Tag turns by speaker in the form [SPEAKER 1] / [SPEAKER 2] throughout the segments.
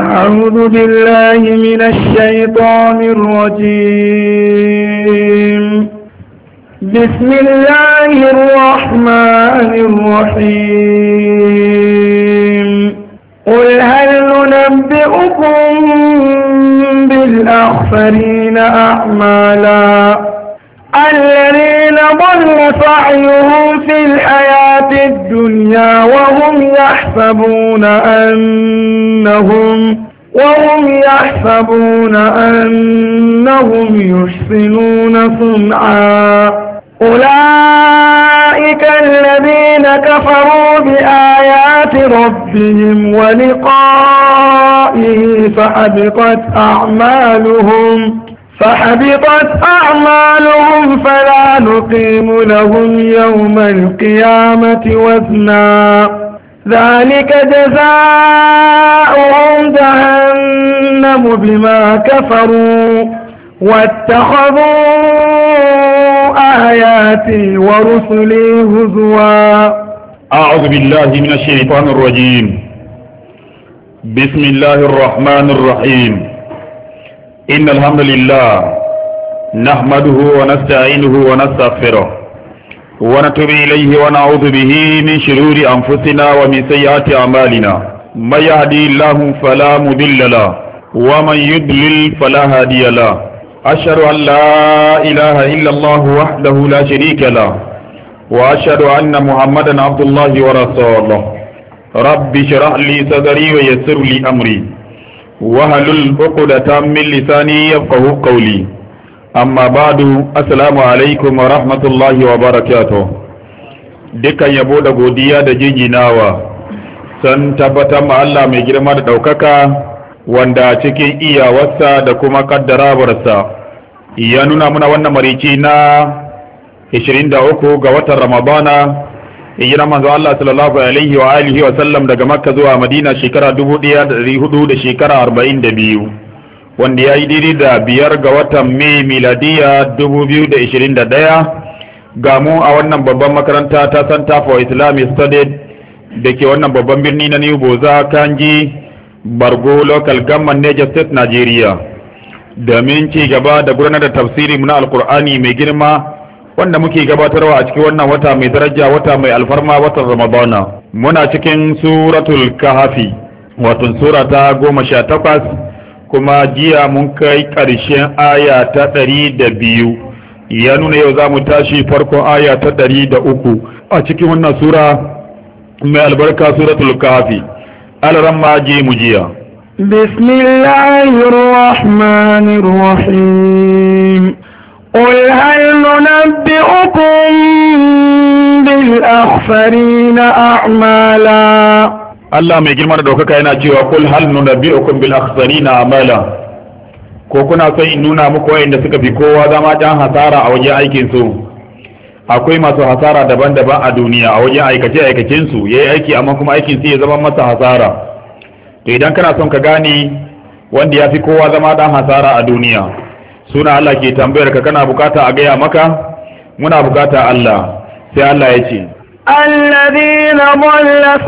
[SPEAKER 1] أعوذ بالله من الشيطان الرجيم بسم الله الرحمن الرحيم قل هل ننبئكم بالأخفرين أعمالا الذين ضل سعيهم في الحياة الدنيا وهم يحسبون أنهم وهم يحسبون أنهم يحسنون صنعا أولئك الذين كفروا بآيات ربهم ولقائه فحبطت أعمالهم فحبطت أعمالهم فلا نقيم لهم يوم القيامة وزنا ذلك جزاؤهم جهنم بما كفروا واتخذوا آياتي ورسلي هزوا
[SPEAKER 2] أعوذ بالله من الشيطان الرجيم بسم الله الرحمن الرحيم إن الحمد لله نحمده ونستعينه ونستغفره ونتوب إليه ونعوذ به من شرور أنفسنا ومن سيئات أعمالنا من يهدي الله فلا مضل له ومن يضلل فلا هادي له أشهد أن لا إله إلا الله وحده لا شريك له وأشهد أن محمدا عبد الله ورسوله رب اشرح لي صدري ويسر لي أمري wahalul uqdata min lisani yafqahu qawli amma ba'du assalamu alaikum wa rahmatullahi wa barakatuh dukan yabo da godiya da jinjinawa san tabbatar ma Allah mai girma da daukaka wanda cikin iyawarsa da kuma kaddarawarsa ya nuna muna wannan marici na 23 ga watan Ramadana hijiran manzo Allah sallallahu alaihi wa alihi wa sallam daga Makka zuwa Madina shekara 1400 da shekara 42 wanda ya yi diri da biyar ga watan Mai miladiya 2021 ga mu a wannan babban makaranta ta Santa for Islamic Studies da ke wannan babban birni na New Boza Kanji Bargo Local Government Niger State Nigeria domin ci gaba da gudanar da tafsirin na Alkur'ani mai girma wanda muke gabatarwa a cikin wannan wata mai daraja wata mai alfarma watan ramadana muna cikin suratul kahafi watan sura ta goma sha takwas kuma jiya mun kai ƙarshen aya ta ɗari da biyu ya nuna yau za mu tashi farkon aya ta ɗari da uku a cikin wannan sura mai albarka suratul kahafi ma je mu jiya
[SPEAKER 1] بسم الله الرحمن الرحيم قل هل ننبئكم بالأخفرين
[SPEAKER 2] أعمالا Allah mai girma da ɗaukaka yana cewa kul hal nunabbi'ukum bil na amala ko kuna son in nuna muku wayanda suka fi kowa zama ɗan hasara a wajen aikin su akwai masu hasara daban-daban a duniya a wajen aikace aikacen su yayi aiki amma kuma aikin su ya zama masa hasara to idan kana son ka gane wanda ya fi kowa zama ɗan hasara a duniya suna Allah ke tambayar ka kana bukata a gaya maka muna bukata Allah sai Allah ya ce
[SPEAKER 1] الذين ضل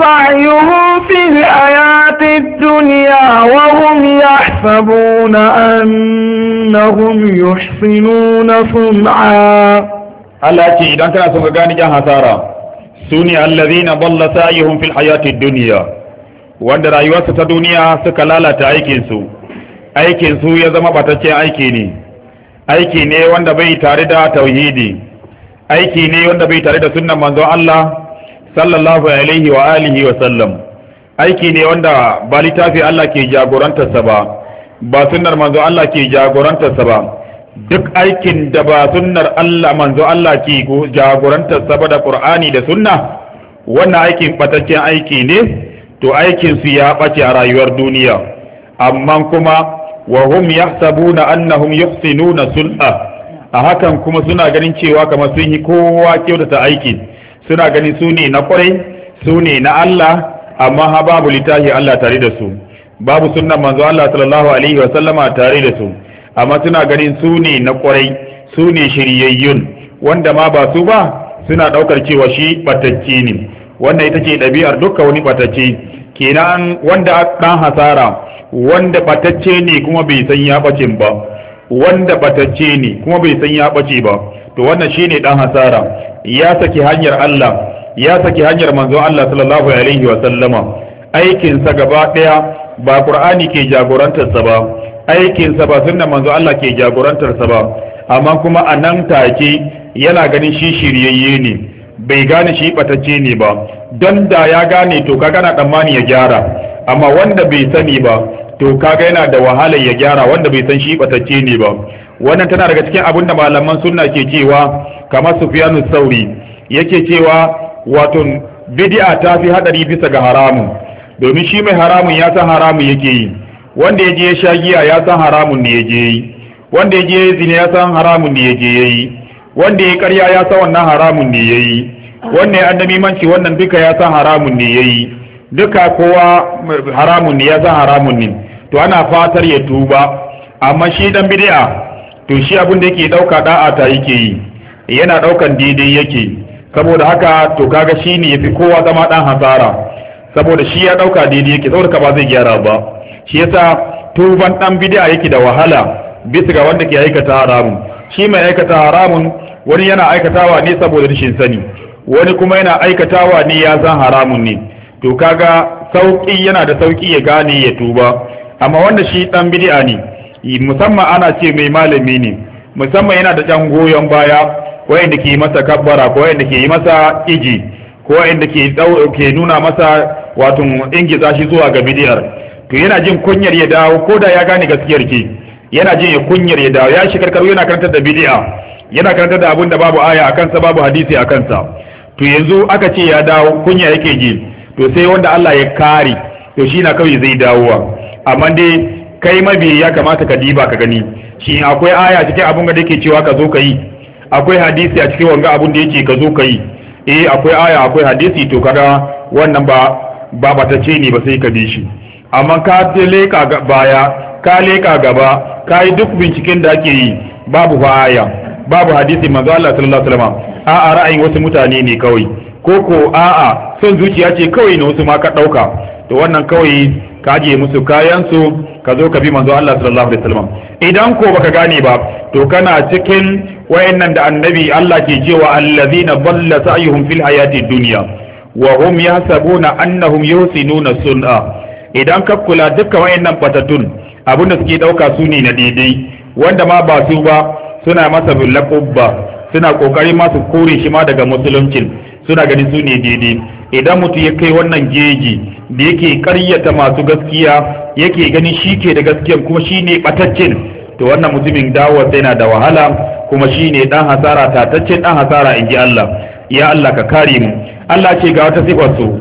[SPEAKER 1] سعيهم في الحياة الدنيا وهم يحسبون أنهم يحسنون صنعا الله يجي إذا كان سوف غاني جان هسارا سوني
[SPEAKER 2] الذين ضل سعيهم في الحياة الدنيا وأن رأيوات الدنيا سكلالة أيكنسو أيكنسو يزم باتشي أيكيني aiki ne wanda bai tare da tauhidi aiki ne wanda bai tare da sunnan manzo Allah sallallahu alaihi wa alihi wa sallam aiki ne wanda ba littafi Allah ke jagorantarsa ba ba sunnar manzo Allah ke jagorantarsa ba duk aikin da ba sunnar Allah manzo Allah ke jagorantarsa ba da Qur'ani da sunna wannan aikin bataccen aiki ne to aikin su ya bace a rayuwar duniya amma kuma wa hum yahsabuna annahum yuhsinuna sul'a a hakan kuma suna ganin cewa kamar sun yi kowa kyautata aiki suna ganin su ne na kwarai su ne na Allah amma ha babu littafi Allah tare da su babu sunnan manzo Allah sallallahu alaihi wa sallama tare da su amma suna ganin su ne na kwarai su ne shiryayyun wanda ma ba su ba suna daukar cewa shi batacce ne wannan ita ce dabi'ar dukkan wani batacce kenan wanda ɗan hasara wanda batacce ne kuma bai san ya bace ba wanda batacce ne kuma bai san ya bace ba to wannan shine dan hasara ya saki hanyar Allah ya saki hanyar manzo Allah sallallahu alaihi wa sallama aikin sa gaba daya ba Qur'ani ke jagorantar sa ba aikin sa ba sunnan manzo Allah ke jagorantar sa ba amma kuma a nan take yana ganin shi shiryayye ne bai gane shi batacce ne ba don da ya gane to kaga na tsammani ya gyara amma wanda bai sani ba to kaga yana da wahalar ya gyara wanda bai san shi batacce ne ba wannan tana daga cikin abin da malaman sunna ke cewa kamar sufyanu sauri yake cewa wato bid'a ta fi hadari bisa ga haramun domin shi mai haramun ya san haramun yake yi wanda ya je ya sha giya ya san haramun ne ya yi wanda ya je ya zina ya san haramun ne ya yi wanda ya karya ya san wannan haramun ne ya yi wannan ya annabi manci wannan duka ya san haramun ne ya yi duka kowa haramun ne ya san haramun ne to ana fatar ya tuba amma shi dan bid'a to shi abin da yake dauka da'a ta yake yi yana daukan daidai yake saboda haka to kaga shi ne yafi kowa zama dan hasara saboda shi ya dauka daidai yake saboda ka ba zai gyara ba shi yasa tuban dan bid'a yake da wahala bisa ga wanda ke aikata haramun shi mai aikata haramun wani yana aikatawa ne saboda rashin sani wani kuma yana aikatawa ne ya san haramun ne to kaga sauki yana da sauki ya gane ya tuba amma wanda shi dan bid'a ne musamman ana ce mai malami ne musamman yana da jan goyon baya wayanda ke masa kabbara ko wayanda ke yi masa iji ko wayanda ke dauke nuna masa wato ingiza shi zuwa ga bid'ar to yana jin kunyar ya dawo ko da ya gane gaskiyar ke yana jin ya kunyar ya dawo ya shi karkaru yana karantar da bid'a yana karantar da abin da babu aya a kansa babu hadisi a kansa to yanzu aka ce ya dawo kunya yake ji to sai wanda Allah ya kare to shi na kawai zai dawowa amma dai kai mabi ya kamata ka diba ka gani shi akwai aya cikin abun da yake cewa ka zo ka yi akwai hadisi a cikin wanga abun da yake ka zo ka yi eh akwai aya akwai hadisi to kaga wannan ba ba ce ne ba sai ka bi shi amma ka leka baya ka leka gaba ka yi duk binciken da ake yi babu fa aya babu hadisi manzo Allah sallallahu alaihi wasallam a'a ra'ayin wasu mutane ne kawai ko ko a'a son zuciya ce kawai na wasu ma ka dauka to wannan kawai ka je musu kayansu ka zo ka bi manzo Allah sallallahu alaihi wasallam idan ko baka gane ba to kana cikin wayannan da annabi Allah ke cewa allazina dalla sa'yuhum fil hayati dunya wa hum yahsabuna annahum yusinuna sun'a idan ka kula dukkan wayannan batatun abin da suke dauka su ne na daidai wanda ma ba su ba suna masa laqabba suna kokarin masu kore shi ma daga musuluncin suna ganin su ne daidai idan mutum ya kai wannan geji da yake karyata masu gaskiya yake ganin shi ke da gaskiya kuma shi ne ɓataccen to wannan mutumin dawo yana da wahala kuma shi ne ɗan hasara tataccen ɗan hasara in ji Allah ya Allah ka kare mu Allah ce ga wata sifar su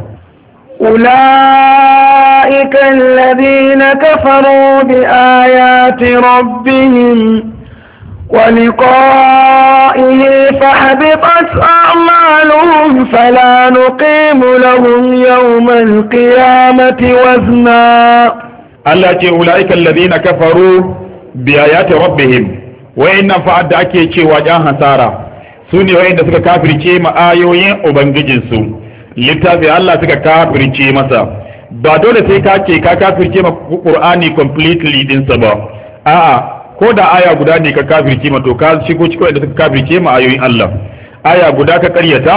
[SPEAKER 1] أولئك الذين كفروا بآيات ربهم ولقائه فحبطت أعمالهم فلا نقيم لهم يوم القيامة وزنا التي
[SPEAKER 2] أولئك الذين كفروا بآيات ربهم وإن فعد أكيشي وجاها سارة سوني وإن سكا كافر شيما آيوين وبنججنسو littafi Allah suka kafirce masa ba dole sai ka ce ka kafirce ma Qur'ani completely dinsa ba a'a ko da aya guda ne ka kafirce ma to ka shigo cikin da ka kafirce ma ayoyin Allah aya guda ka karyata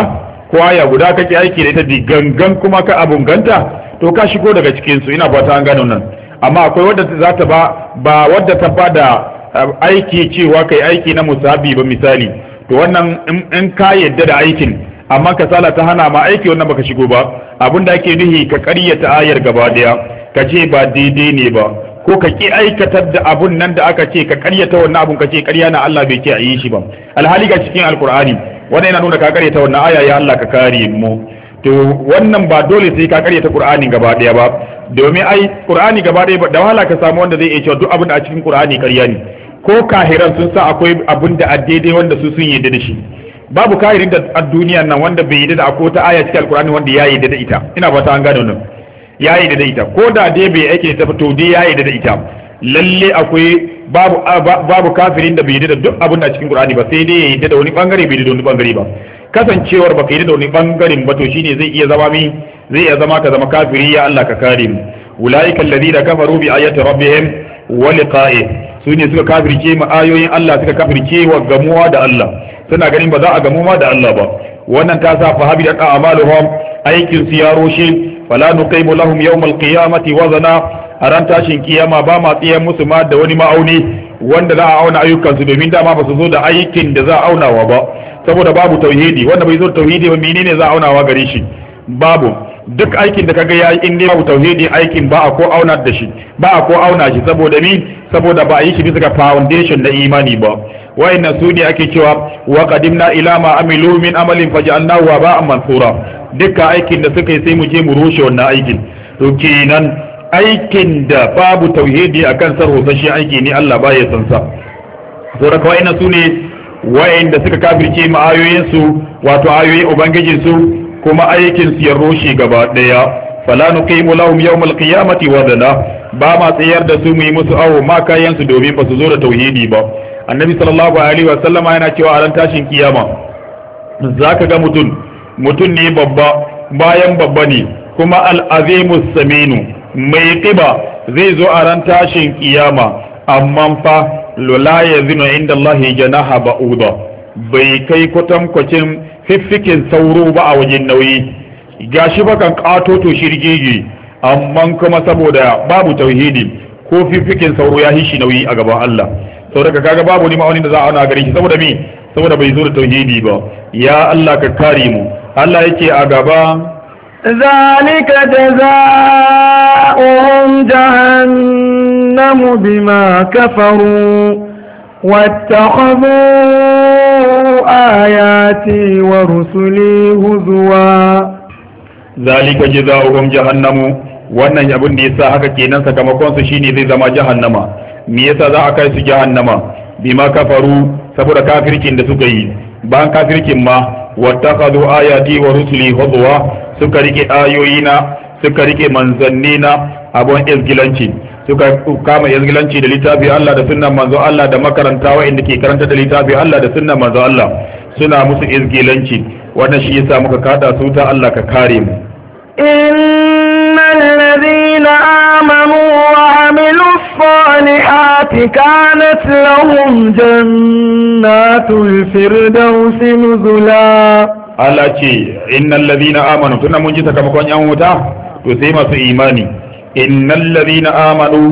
[SPEAKER 2] ko aya guda ka ki aiki da ita di gangan kuma ka abunganta to ka shigo daga cikin su ina fata an gano nan amma akwai wadda za ta ba ba wadda ta da eh, aiki cewa kai aiki na musabi ba misali to wannan in ka yadda da aikin amma kasala ta hana ma aiki wannan baka shigo ba abinda ake nuhi ka karyata ayar gaba daya ka ce ba daidai ne ba ko ka ki aikatar da abun nan da aka ce ka karyata wannan abun ka ce karya na Allah bai ce a yi shi ba alhali ga cikin alkur'ani wannan yana nuna ka karyata wannan aya ya Allah ka kare mu to wannan ba dole sai ka karyata qur'ani gaba daya ba domin ai qur'ani gaba daya da wahala ka samu wanda zai iya cewa duk abin da a cikin qur'ani karya ne ko kahiran sun sa akwai abun da addai wanda su sun yi da shi babu kahirin da a duniya nan wanda bai yi da akwai ta aya cikin alkur'ani wanda ya yi da ita ina ta an gane wannan ya yi da ita ko da dai bai aiki ta fito dai ya yi da ita lalle akwai babu babu kafirin da bai yi da duk abin da cikin Qur'ani ba sai dai ya yi da wani bangare bai yi da wani bangare ba kasancewar baka yi da wani bangaren ba to shine zai iya zama mi zai iya zama ka zama kafiri ya Allah ka kare mu ulaika alladhina kafaru bi ayati rabbihim wa liqa'ihi su ne suka kafirce ma ayoyin Allah suka kafirce wa gamuwa da Allah suna ganin ba za a gamu ma da Allah ba wannan ta sa fa habidat a'maluhum aikin su ya roshe fala nuqimu lahum yawmal qiyamati wazana aran tashin kiyama ba ma tsiyan musu ma da wani ma'auni wanda za a auna ayyukansu domin dama ba su zo da aikin da za a aunawa ba saboda babu tauhidi wanda bai zo tauhidi ba menene za a aunawa gare shi babu duk aikin da kaga yayi in dai babu tauhidi aikin ba a ko auna da shi ba a ko auna shi saboda ni saboda ba a yi shi bisa ga foundation na imani ba wayannan su ne ake cewa wa qadimna ila ma amilu min amalin faj'alnahu wa ba'an mansura dukkan aikin da suka yi sai mu je mu rushe wannan aikin to kenan aikin da babu tauhidi a kan sarhosa aiki ne Allah ba ya san sa saboda kawai na su ne wayanda suka kafirce ayoyin su wato ayoyin ubangijinsu kuma aikin su ya rushe gaba daya fala nuqimu lahum yawmal qiyamati wadana ba ma tsayar da su mu yi musu awo ma kayan su domin ba su zo da tauhidi ba annabi sallallahu alaihi wa sallama yana cewa a ran tashin kiyama zaka ga mutum mutum ne babba bayan babba ne kuma al’azimu saminu mai ƙiba zai zo a ran tashin kiyama amma fa lula ya zina inda Allah janaha ba'uda bai kai kwatankwacin fiffikin sauro ba a wajen nauyi gashi ƙato to shirgigi amma kuma saboda babu tauhidi ko fiffikin sauro ya hishi nauyi a gaban Allah saboda kaga babu ni wani da za a shi saboda me saboda bai zo da tauhidi ba ya Allah ka kare mu Allah yake a gaba
[SPEAKER 1] jazaa'uhum jahannam bima kafaru wattakhadhu ayati wa rusuli huzwa
[SPEAKER 2] zalika jazaa'uhum jahannam wannan abin da yasa haka kenan sakamakon su shine zai zama jahannama me yasa za a kai su jahannama bima kafaru saboda kafirkin da suka yi ban kafirkin ma wattakhadhu ayati wa rusuli hudwa suka rike ayoyina suka rike manzannina abun izgilanci suka kama izgilanci da littafi Allah da sunnan manzo Allah da makaranta inda ke karanta da littafi Allah da sunnan manzo Allah suna musu izgilanci wannan shi yasa muka kada su ta Allah ka kare
[SPEAKER 1] mu الذين آمنوا وعملوا الصالحات كانت لهم جنات الفردوس
[SPEAKER 2] نزلا Allah ce innal ladina amanu tunda mun ji sakamakon yan wuta to sai masu imani innal ladina amanu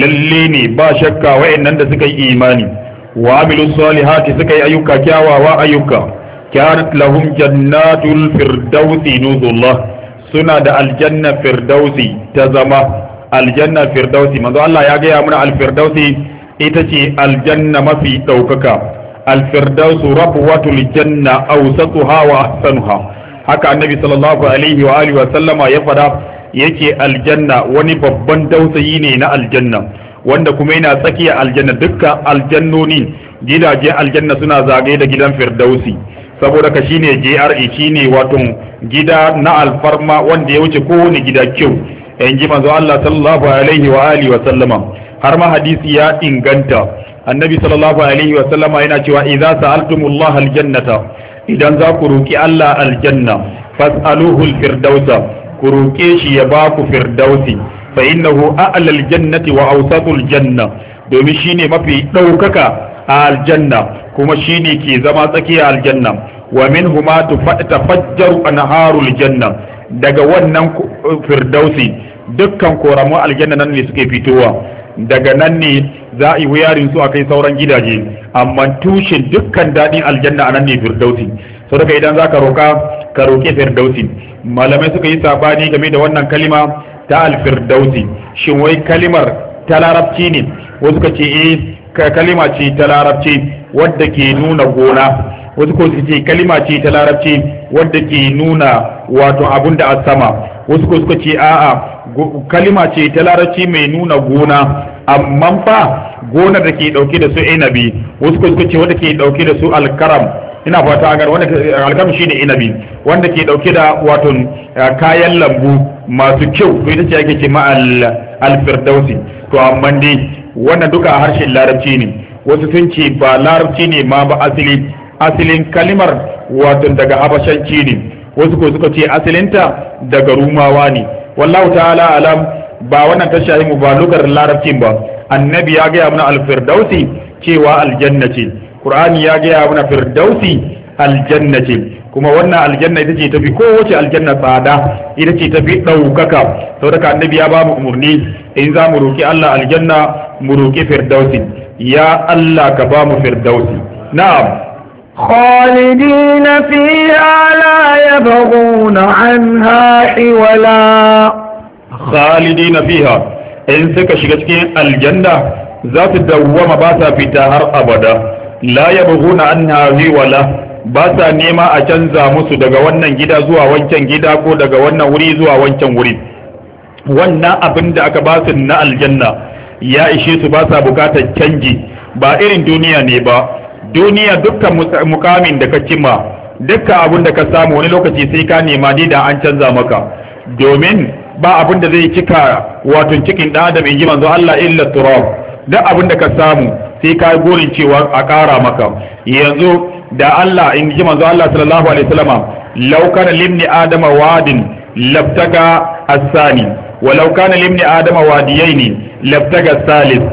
[SPEAKER 2] lalle ne ba shakka wayannan da suka yi imani wa amilu salihati suka yi ayyuka kyawawa ayyuka kanat lahum jannatul firdausi nuzullah suna da aljanna firdausi ta zama aljanna firdausi manzo Allah ya gaya mana alfirdausi ita ce aljanna mafi ɗaukaka alfirdausu rabwatul janna awsatuha wa ahsanuha haka annabi sallallahu alaihi wa alihi wa sallama ya fada yake aljanna wani babban dausayi ne na aljanna wanda kuma yana tsakiya aljanna dukkan aljannoni gidaje aljanna suna zagaye da gidan firdausi saboda ka shine JRE shine wato gida na alfarma wanda ya wuce kowane gida kyau in ji manzo Allah sallallahu alaihi wa alihi wa sallama har ma hadisi ya inganta annabi sallallahu alaihi wa sallama yana cewa idza sa'altumullaha aljannata idan za ku roki Allah aljanna fas'aluhu alfirdausa ku roke shi ya ba ku firdausi fa innahu a'la aljannati wa awsatul janna domin shine mafi daukaka a aljanna kuma shine ke zama tsakiya aljanna wa minhuma tafajjaru anharul daga wannan firdausi dukkan koramu aljanna nan ne suke fitowa daga nan ne za a yi wuyarin su akai sauran gidaje amma tushen dukkan daɗin aljanna anan ne firdausi so daga idan za ka roka ka roke firdausi malamai suka yi sabani game da wannan kalima ta alfirdausi shin wai kalimar ta larabci ne wasu ka ce eh kalima ce ta larabci wadda ke nuna gona wasu ko suka ce kalima ce ta larabci wadda ke nuna wato abun da sama wasu ko suka ce a'a kalima ce ta larabci mai nuna gona amma fa gonar da ke dauke da su inabi wasu ko suka ce wadda ke dauke da su alkaram ina fata agar wanda alkaram shine inabi wanda ke dauke da wato eh, kayan lambu masu kyau to ita ce ake ce ma alfirdausi to amma dai wannan duka a harshen larabci ne wasu sun ce ba larabci ne ma ba asali asalin kalimar wato daga habashanci ne wasu ko suka ce asalinta daga rumawa ne wallahu ta'ala alam ba wannan tasha shahi mu ba larabcin ba annabi ya gaya mana alfirdausi cewa aljanna ce qur'ani ya gaya mana firdausi aljanna ce kuma wannan aljanna ita ce tafi kowace aljanna tsada ita ce tafi ɗaukaka saboda annabi ya ba mu umarni in za mu roki Allah aljanna mu roki firdausi ya Allah ka ba mu firdausi na'am
[SPEAKER 1] خالدين فيها لا يبغون عنها حولا
[SPEAKER 2] خالدين فيها إن سكشكتك الجنة ذات دوما باتا في تهر أبدا لا يبغون عنها حولا ba sa nema a canza musu daga wannan gida zuwa wancan gida ko daga wannan wuri zuwa wancan wuri wannan abin da aka ba su na aljanna ya ishe su ba sa bukatar canji ba irin duniya ne ba duniya dukkan mukamin da ka cimma dukkan abun da ka samu wani lokaci sai ka nema ni da an canza maka domin ba abun da zai cika wato cikin ɗan adam in ji manzo Allah illa turab duk abun da ka samu sai ka gurin cewa a kara maka yanzu da Allah in ji manzo Allah sallallahu alaihi wasallama law kana limni adama wadin labtaga asani walau kana limni adama wadiyaini labtaga salis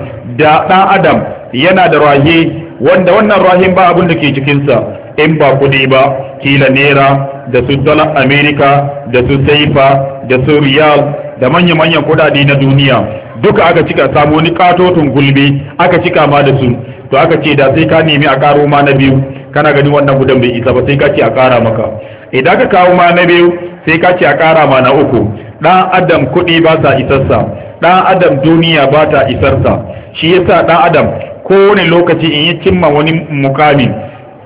[SPEAKER 2] da ɗan adam yana da rahe wanda wannan rahim ba abin da ke cikinsa in ba kudi ba kila nera da su dala amerika da su saifa da su riyal da manya-manyan kudade na duniya duka aka cika samu wani katotun gulbi aka cika ma da su to aka ce da sai ka nemi a karo ma na biyu kana gani wannan gudan bai isa ba sai ka ce a kara maka idan ka kawo ma na biyu sai ka ce a kara ma na uku dan adam kudi ba sa isarsa dan adam duniya ba ta isarsa shi yasa dan adam kowane lokaci in yi cimma wani mukami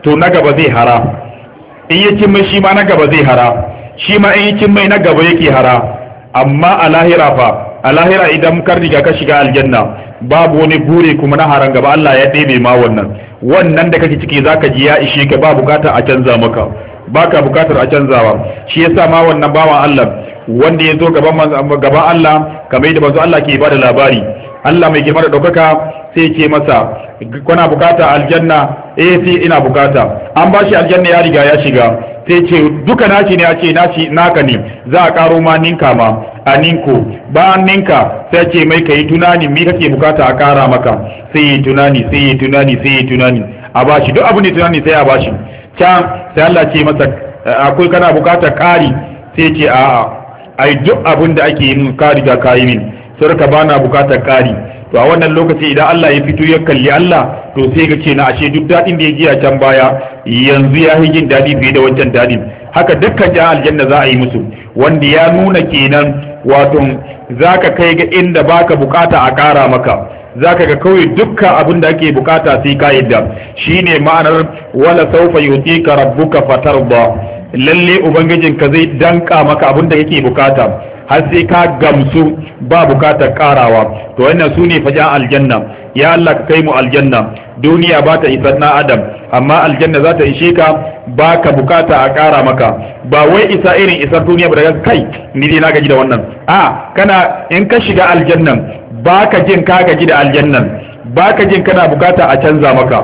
[SPEAKER 2] to na gaba zai hara in yi cimma shi ma na gaba zai hara shi ma in yi cimma na gaba yake hara amma a lahira fa a lahira idan kar riga ka shiga aljanna babu wani bure kuma na haran gaba Allah ya ɗebe ma wannan wannan da kake ciki zaka ji ya ishe ka ba bukata a canza maka baka bukatar a canza ba shi yasa ma wannan bawan Allah wanda ya zo gaban gaba Allah kamar yadda manzo Allah ke bada labari Allah mai girma da ɗaukaka sai ce masa kana bukata aljanna eh sai ina bukata an bashi aljanna ya riga ya shiga sai ce duka naci ne ce naci naka ne za a karo ma ninka ma a ninku bayan ninka sai ce mai kai tunani me kake bukata a kara maka sai yi tunani sai yi tunani sai yi tunani a shi duk abu ne tunani sai a shi can sai Allah ce masa akwai kana bukata kari sai ce a'a ai duk abin da ake yi kari ka kayi ka yi min sai ka bana bukata kari to a wannan lokaci idan Allah ya fito ya kalli Allah to sai ga kenan ashe duk dadin da ya ji a can baya yanzu ya yi jin dadi fiye da wancan dadin haka dukkan ja aljanna za a yi musu wanda ya nuna kenan wato zaka kai ga inda baka bukata a kara maka zaka ga kawai dukkan abin da ake bukata sai ka yadda shine ma'anar wala sawfa yutika rabbuka fatarda lalle ubangijinka zai danka maka abin da kake bukata har sai ka gamsu ba bukatar karawa to wannan su ne fajan aljanna ya Allah ka kai mu aljanna duniya ba ta isar na adam amma aljanna za ta ishe ka ba ka bukata a kara maka ba wai isa irin isar duniya ba daga kai ni dai na gaji da wannan a kana in ka shiga aljannan ba ka jin ka gaji da aljannan ba ka jin kana bukata a canza maka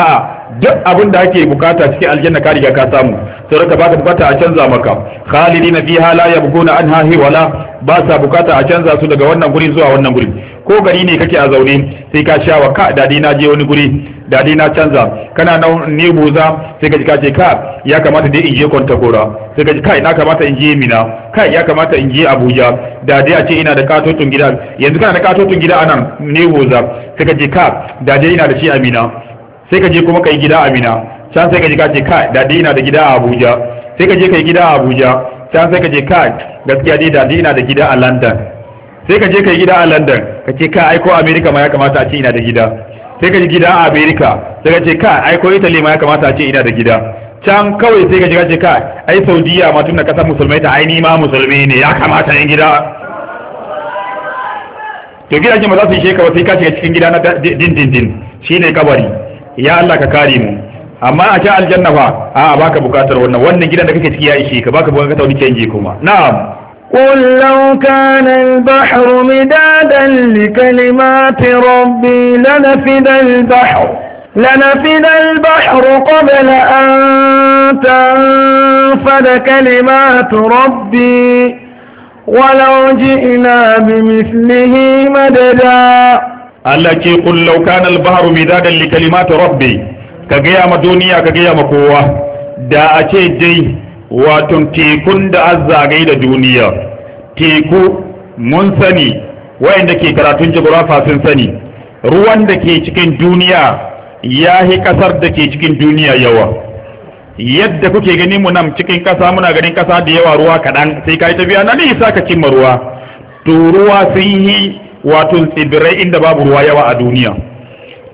[SPEAKER 2] a'a duk abin da ake bukata cikin aljanna ka riga ka samu sai raka baka bukata a canza maka khalidina fiha la yabghuna anha hiwala ba sa bukata a canza su daga wannan guri zuwa wannan guri ko gari ne kake a zaune sai ka sha wa ka dadi na je wani guri dadi na canza kana na ne buza sai ka ji ka ce ka ya kamata dai in je kwantakora sai ka ji kai na kamata in je mina kai ya kamata in je abuja dadi a ce ina da katotun gida yanzu kana da katotun gida anan ne buza sai ka ji ka dadi ina da shi a mina sai ka je kuma kai gida a Mina can sai ka je ka ce kai dadi ina da gida a Abuja sai ka je kai gida a Abuja can sai ka je kai gaskiya dai dadi ina da gida a London sai ka je kai gida a London ka ce kai aiko America ma ya kamata a ce ina da gida sai ka je gida a America sai ka ce kai aiko Italy ma ya kamata a ce ina da gida can kawai sai ka je ka ce kai ai Saudiya ma tun da kasar musulmai ta ai ni ma musulmi ne ya kamata in gida to gidajen ba za su ishe ka ba sai ka shiga cikin gida na din din din shine kabari ya Allah ka kare mu amma a sha aljanna fa a baka bukatar wannan wannan gidan da kake ciki ya ishe ka baka bukatar wani canji kuma na'am
[SPEAKER 1] قل لو كان البحر مدادا لكلمات ربي لنفد البحر لنفد البحر قبل أن تنفد كلمات ربي ولو جئنا بمثله مددا
[SPEAKER 2] Allah ce qul law kana al-bahru midadan li kalimati rabbi ka gaya ma duniya ka gaya ma kowa da a ce dai wato tekun da azzagai da duniya teku mun sani wayanda ke karatun jibrafa sun sani ruwan da ke cikin duniya ya yi kasar da ke cikin duniya yawa yadda kuke gani mu nan cikin kasa muna ganin kasa da yawa ruwa kaɗan sai ka yi tafiya na nisa ka cimma ruwa to ruwa sun yi wato tsibirai inda babu ruwa yawa a duniya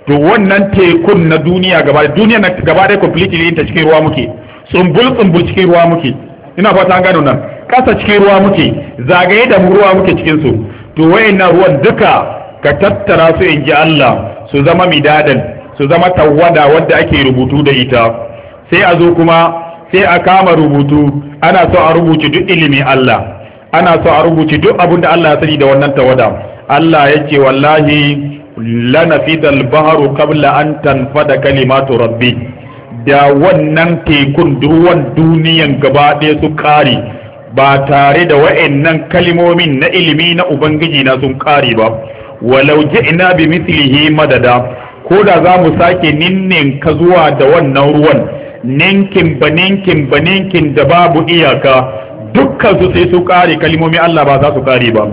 [SPEAKER 2] to wannan tekun na duniya gaba duniya na gaba dai completely ta cikin ruwa muke tsumbul tsumbul cikin ruwa muke ina fata an gano nan kasa cikin ruwa muke zagaye da ruwa muke cikin su to wayannan ruwan duka ka tattara su in ji Allah su zama midadan su zama tawada wadda ake rubutu da ita sai a zo kuma sai a kama rubutu ana so a rubuce duk ilimin Allah ana so a rubuce duk abin da Allah ya sani da wannan tawada Allah yake wallahi lanafidal baharu qabla an tanfada kalimatu rabbi da wannan tekun ruwan duniyan gaba ɗaya su kare ba tare da wa'annan kalimomin na ilimi na ubangiji na sun kare ba walau ji'na bi mithlihi madada ko da za mu sake ninnin ka zuwa da wannan ruwan ninkin ba ninkin ba ninkin da babu iyaka dukkan su sai su kare kalimomin Allah ba za su kare ba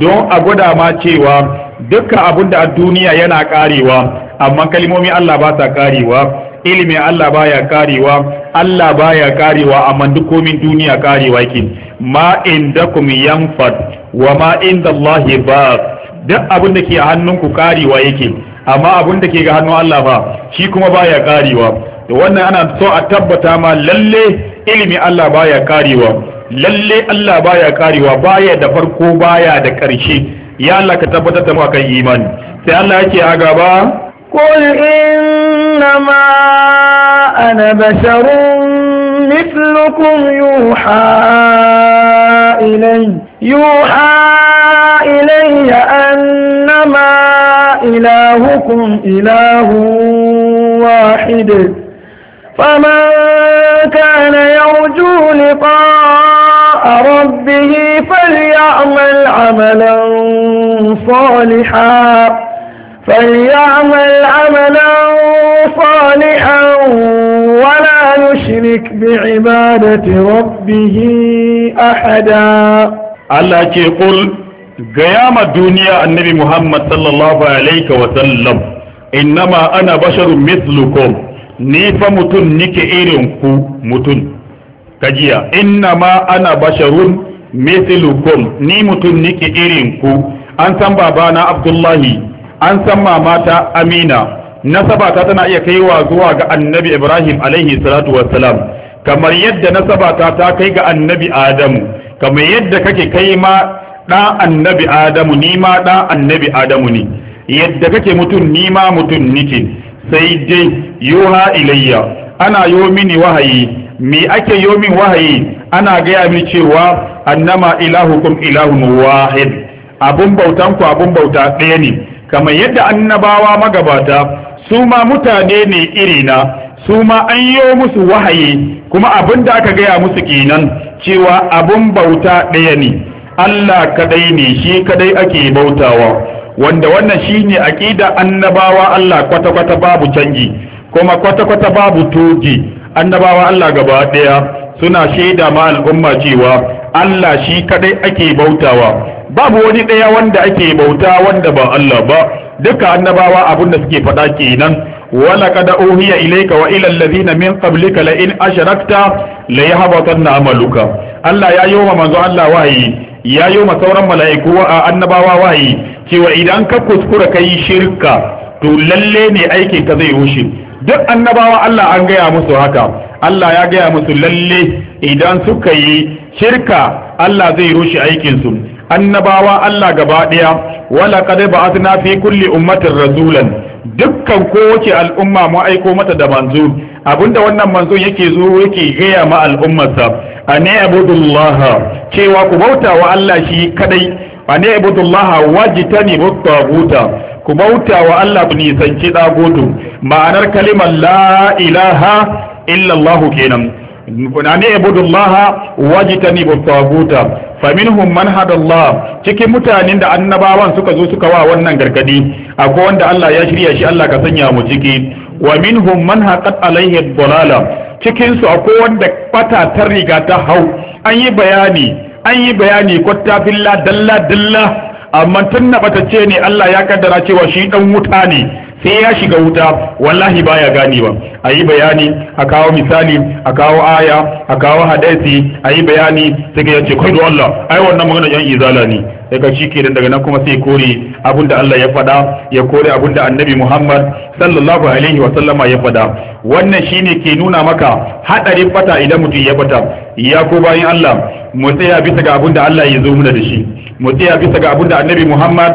[SPEAKER 2] don a gwada ma cewa duka abin da a duniya yana karewa amma kalimomi Allah ba sa karewa ilimi Allah baya karewa Allah baya karewa amma duk komin duniya karewa yake ma indakum yanfad wa ma inda Allah ba duk abin da ke a hannunku karewa yake amma abin da ke ga hannun Allah ba shi kuma baya karewa da wannan ana so a tabbata ma lalle ilimi Allah baya karewa Lallai Allah baya karewa baya da farko baya da ƙarshe ya Allah ka tabbatar da mu akan imani sai Allah yake a gaba
[SPEAKER 1] qul innama ana basharun mithlukum yuha ilayya yuha ilayya annama ilahukum ilahun wahid faman kana yarju liqa لقاء ربه فليعمل عملا صالحا فليعمل عملا صالحا ولا يشرك بعبادة ربه أحدا
[SPEAKER 2] الله يقول قيام الدنيا النبي محمد صلى الله عليه وسلم إنما أنا بشر مثلكم نيفا متن نيك إيرنكو متن kajiya inna ma ana basharun mithlukum ni mutum nike irin ku an san babana abdullahi an san mamata amina nasabata tana iya kaiwa zuwa ga annabi ibrahim alaihi salatu wassalam kamar yadda nasabata ta kai ga annabi adamu kamar yadda kake kai ma ɗan annabi adamu ni ma ɗan annabi adamu ne yadda kake mutum ni ma mutum nike sai dai yoha ilayya ana yo mini wahayi me ake yomin wahayi ana gaya min cewa annama ilahukum ilahun wahid abun bautan ku abun bauta ɗaya ne kamar yadda annabawa magabata su ma mutane ne na, su ma an yi musu wahayi kuma abin da aka gaya musu kenan cewa abun bauta ɗaya ne Allah kadai ne shi kadai ake bautawa wanda wannan shine aqida annabawa Allah kwata-kwata babu canji kuma kwata-kwata babu toji annabawa Allah gaba ɗaya suna shaida ma al'umma cewa Allah shi kadai ake bautawa babu wani ɗaya wanda ake bauta wanda ba Allah ba duka annabawa abin da suke faɗa kenan wala kada uhiya ilayka wa ila allazina min qablika la in ashrakta la yahbatanna amaluka Allah ya yoma manzo Allah wahayi ya yoma sauran mala'iku wa annabawa wahayi cewa idan ka kuskura kai shirka to lalle ne aikin ka zai rushe duk annabawa Allah an gaya musu haka Allah ya gaya musu lalle idan suka yi shirka Allah zai rushe aikinsu annabawa Allah gaba ɗaya wala qad ba'athna fi kulli ummatin rasulan dukkan kowace al'umma mu aiko mata da manzo abinda wannan manzo yake zo yake gaya ma al'ummarsa ane abudullah cewa ku bauta wa Allah shi kadai ane abudullah wajtani buttaguta ku bauta wa Allah ku nisanci dagoto ma'anar kalimar la ilaha illallahu kenan an ibudu Allah wajtani bi Fa faminhum man hada cikin mutanen da annabawan suka zo suka wa wannan gargadi akwai wanda Allah ya shirya shi Allah ka sanya mu ciki wa minhum man haqat alaihi cikinsu cikin su akwai wanda fata ta riga ta hau an yi bayani an yi bayani kwatta filla dalla dalla amma tun na batacce ne Allah ya kaddara cewa shi dan wuta ne sai ya shiga wuta wallahi baya gani ba a yi bayani a kawo misali a kawo aya a kawo hadisi a yi bayani sai ka yace kai Allah ai wannan magana yan izala ne daga shi dan daga nan kuma sai kore abinda da Allah ya fada ya kore abinda annabi Muhammad sallallahu alaihi wa sallama ya fada wannan shine ke nuna maka hadarin fata idan mutum ya fata ya ko bayan Allah mu tsaya bisa ga abin da Allah ya zo muna da shi mu tsaya bisa ga abin da Annabi Muhammad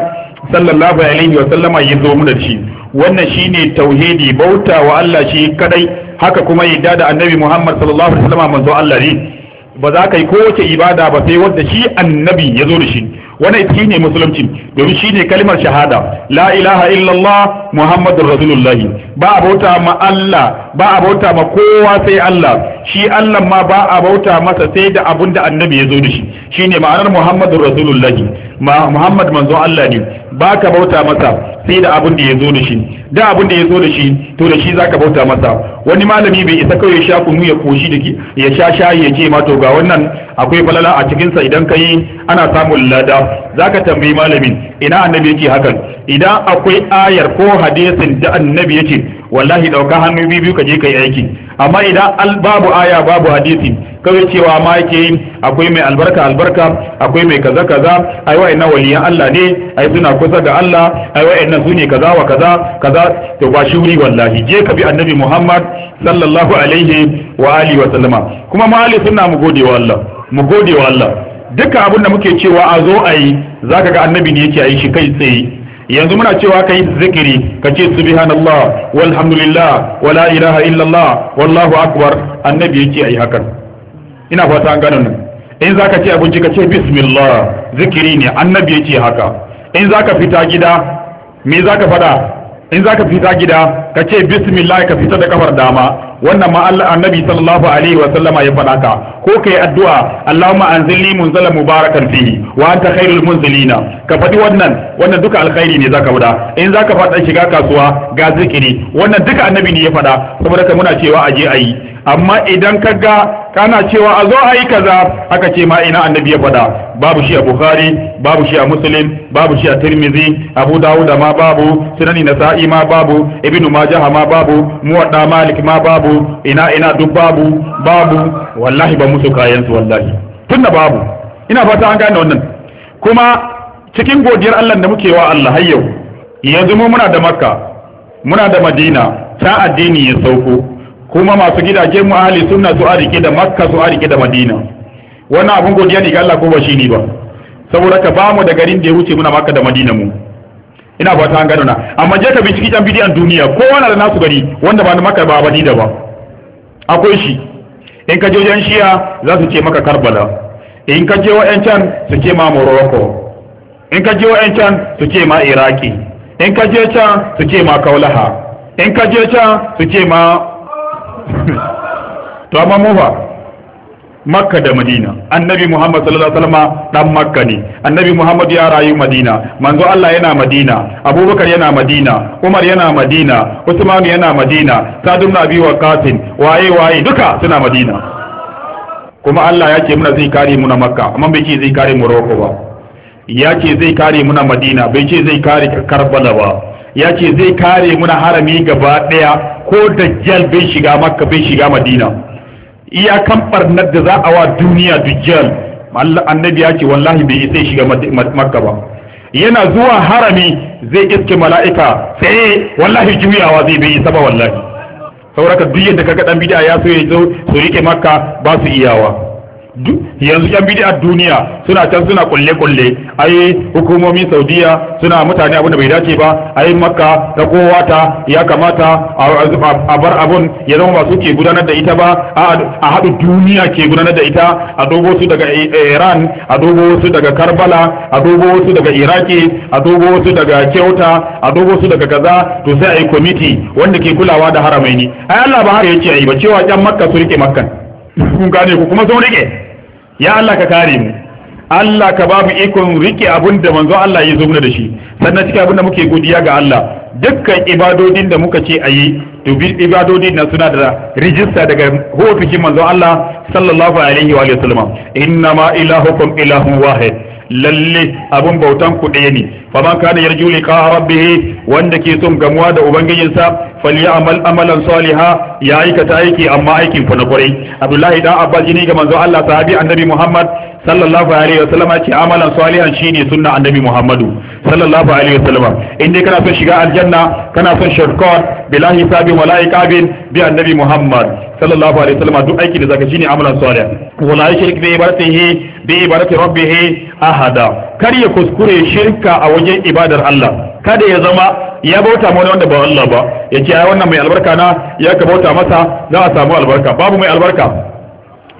[SPEAKER 2] sallallahu alaihi wa sallama ya zo muna da shi wannan shine tauhidi bauta wa Allah shi kadai haka kuma yadda da Annabi Muhammad sallallahu alaihi wa sallama manzo Allah ne ba za ka yi kowace ibada ba sai wadda shi annabi ya zo da shi wannan shi ne musulunci domin shi ne kalmar shahada la ilaha illallah muhammadur rasulullah ba a bauta ma Allah ba a bauta ma kowa sai Allah shi Allah ma ba a bauta masa sai da abun da annabi ya zo da shi ne ma'anar muhammadur rasulullah ma muhammad manzo Allah ne ba ka bauta masa sai da abun da ya zo da shi da abin da ya zo da shi to da shi zaka bauta masa wani malami bai isa kawai ya sha kunu ya koshi da ya sha shayi ya ce ma to ga wannan akwai falala a cikinsa sa idan kai ana samun lada zaka tambayi malamin ina annabi yake hakan idan akwai ayar ko hadisin da annabi yake wallahi dauka hannu biyu ka je kai aiki amma idan babu aya babu hadisi kawai cewa ma yake yi akwai mai albarka albarka akwai mai kaza kaza ai ina waliyan Allah ne ai suna kusa ga Allah ai wa'annan su ne kaza wa kaza kaza to ba shi wuri wallahi je ka bi annabi Muhammad sallallahu alaihi wa alihi wa sallama kuma ma ali sunna mu gode wa Allah mu gode wa Allah duka abin da muke cewa a zo a yi zaka ga annabi ne yake yi shi kai tsaye yanzu muna cewa kai zikiri ka ce subhanallah walhamdulillah wala ilaha illallah wallahu akbar annabi yake yi hakan ina fata an gano nan in zaka ci abinci ka ce bismillah zikiri ne annabi ya ce haka in zaka fita gida me zaka fada in zaka fita gida ka ce bismillah ka fita da kafar dama wannan ma Allah annabi sallallahu alaihi wa sallama ya fada ka ko kai addu'a Allahumma anzilni munzala mubarakan fihi wa anta khairul munzilina ka fadi wannan wannan duka alkhairi ne zaka fada in zaka fada shiga kasuwa ga zikiri wannan duka annabi ne ya fada saboda kai muna cewa aje ayi amma idan ka ga kana cewa a zo a yi kaza aka ce ma ina annabi ya faɗa babu shi a bukhari babu shi a muslim babu shi a tirmizi abu dawud ma babu sunani nasa'i ma babu ibnu majah ma babu muwadda malik ma babu ina ina duk babu babu wallahi ba musu kayan su wallahi tunda babu ina fata an gane wannan kuma cikin godiyar Allah da muke wa Allah har yau yanzu mu muna da makka muna da madina ta addini ya sauko kuma masu gidaje mu ahli sunna su arike da makka su arike da madina wannan abun godiya ne ga Allah ko ba shi ne ba saboda ka bamu da garin da ya wuce muna makka da madina mu ina ba an gano na amma je ka binciki yan bidiyan duniya ko wani da nasu gari wanda ba na makka ba madina ba akwai shi in ka je wajen shiya za su ce maka karbala in ka je can su ce ma morocco in ka je can su ce ma iraki in ka je can su ce ma kaulaha in ka je can su ce ma to amma mu ba makka da madina annabi muhammad sallallahu alaihi wasallam dan makka ne annabi muhammad ya rayu madina manzo allah yana madina abubakar yana madina umar yana madina usman yana madina sadun nabi wa qasim waye waye duka suna madina kuma allah ya ce muna zai kare mu na makka amma bai ce zai kare mu roko ba ya ce zai kare mu na madina bai ce zai kare karbala ba ya ce zai kare mu na harami gaba daya ko dajjal bai shiga makka bai shiga madina iyakan barnar da za a wa duniya dajjal annabi ya ce wallahi bai isa shiga makka ba yana zuwa harami zai iske mala'ika sai wallahi juyawa zai bai isa ba wallahi sauraka duk yadda kaga dan bid'a ya so ya zo su rike makka ba su iyawa yanzu yan bid'a duniya suna can suna kulle kulle ai hukumomin saudiya suna mutane abin da bai dace ba ai makka da kowa ta ya kamata a bar abun ya zama masu ke gudanar da ita ba a haɗu duniya ke gudanar da ita a dogo su daga eh, eh, iran a dogo su daga karbala a dogo su daga iraki a dogo su daga kyauta a dogo su daga kaza to sai a yi kwamiti wanda ke kulawa da haramaini ai allah ba har ya ce a yi ba cewa yan makka su rike makka kun gane ku kuma sun rike ya Allah ka kare mu Allah ka babu ikon rike abin da manzo Allah ya zumna da shi sannan cikin abin da muke godiya ga Allah dukkan ibadodin da muka ce ayi to ibadodin na suna da rijista daga hotukin manzo Allah sallallahu alaihi wa sallam inna ma ilahukum ilahun wahid lalle abun bautan ku ɗaya ne faman kana yarju liqa rabbih wanda ke son gamuwa da ubangijinsa falyamal amalan saliha ya aikata aiki amma aikin ku na kwarai abdullahi dan abbas ne ga manzo Allah sahabi annabi muhammad sallallahu alaihi wa wasallam ce amalan salihan shine sunna annabi muhammadu sallallahu alaihi wasallam in dai kana son shiga aljanna kana son shortcut bila hisabin wala iqabin bi annabi muhammad sallallahu alaihi wasallam duk aiki da zaka shine amalan salih wala yushrik bi ibadatihi bi ibadati rabbih ahada kar ya kuskure shirka a wajen ibadar Allah kada ya zama ya bauta ma wanda ba Allah ba ya ai wannan mai albarka na ya ka bauta masa za a samu albarka babu mai albarka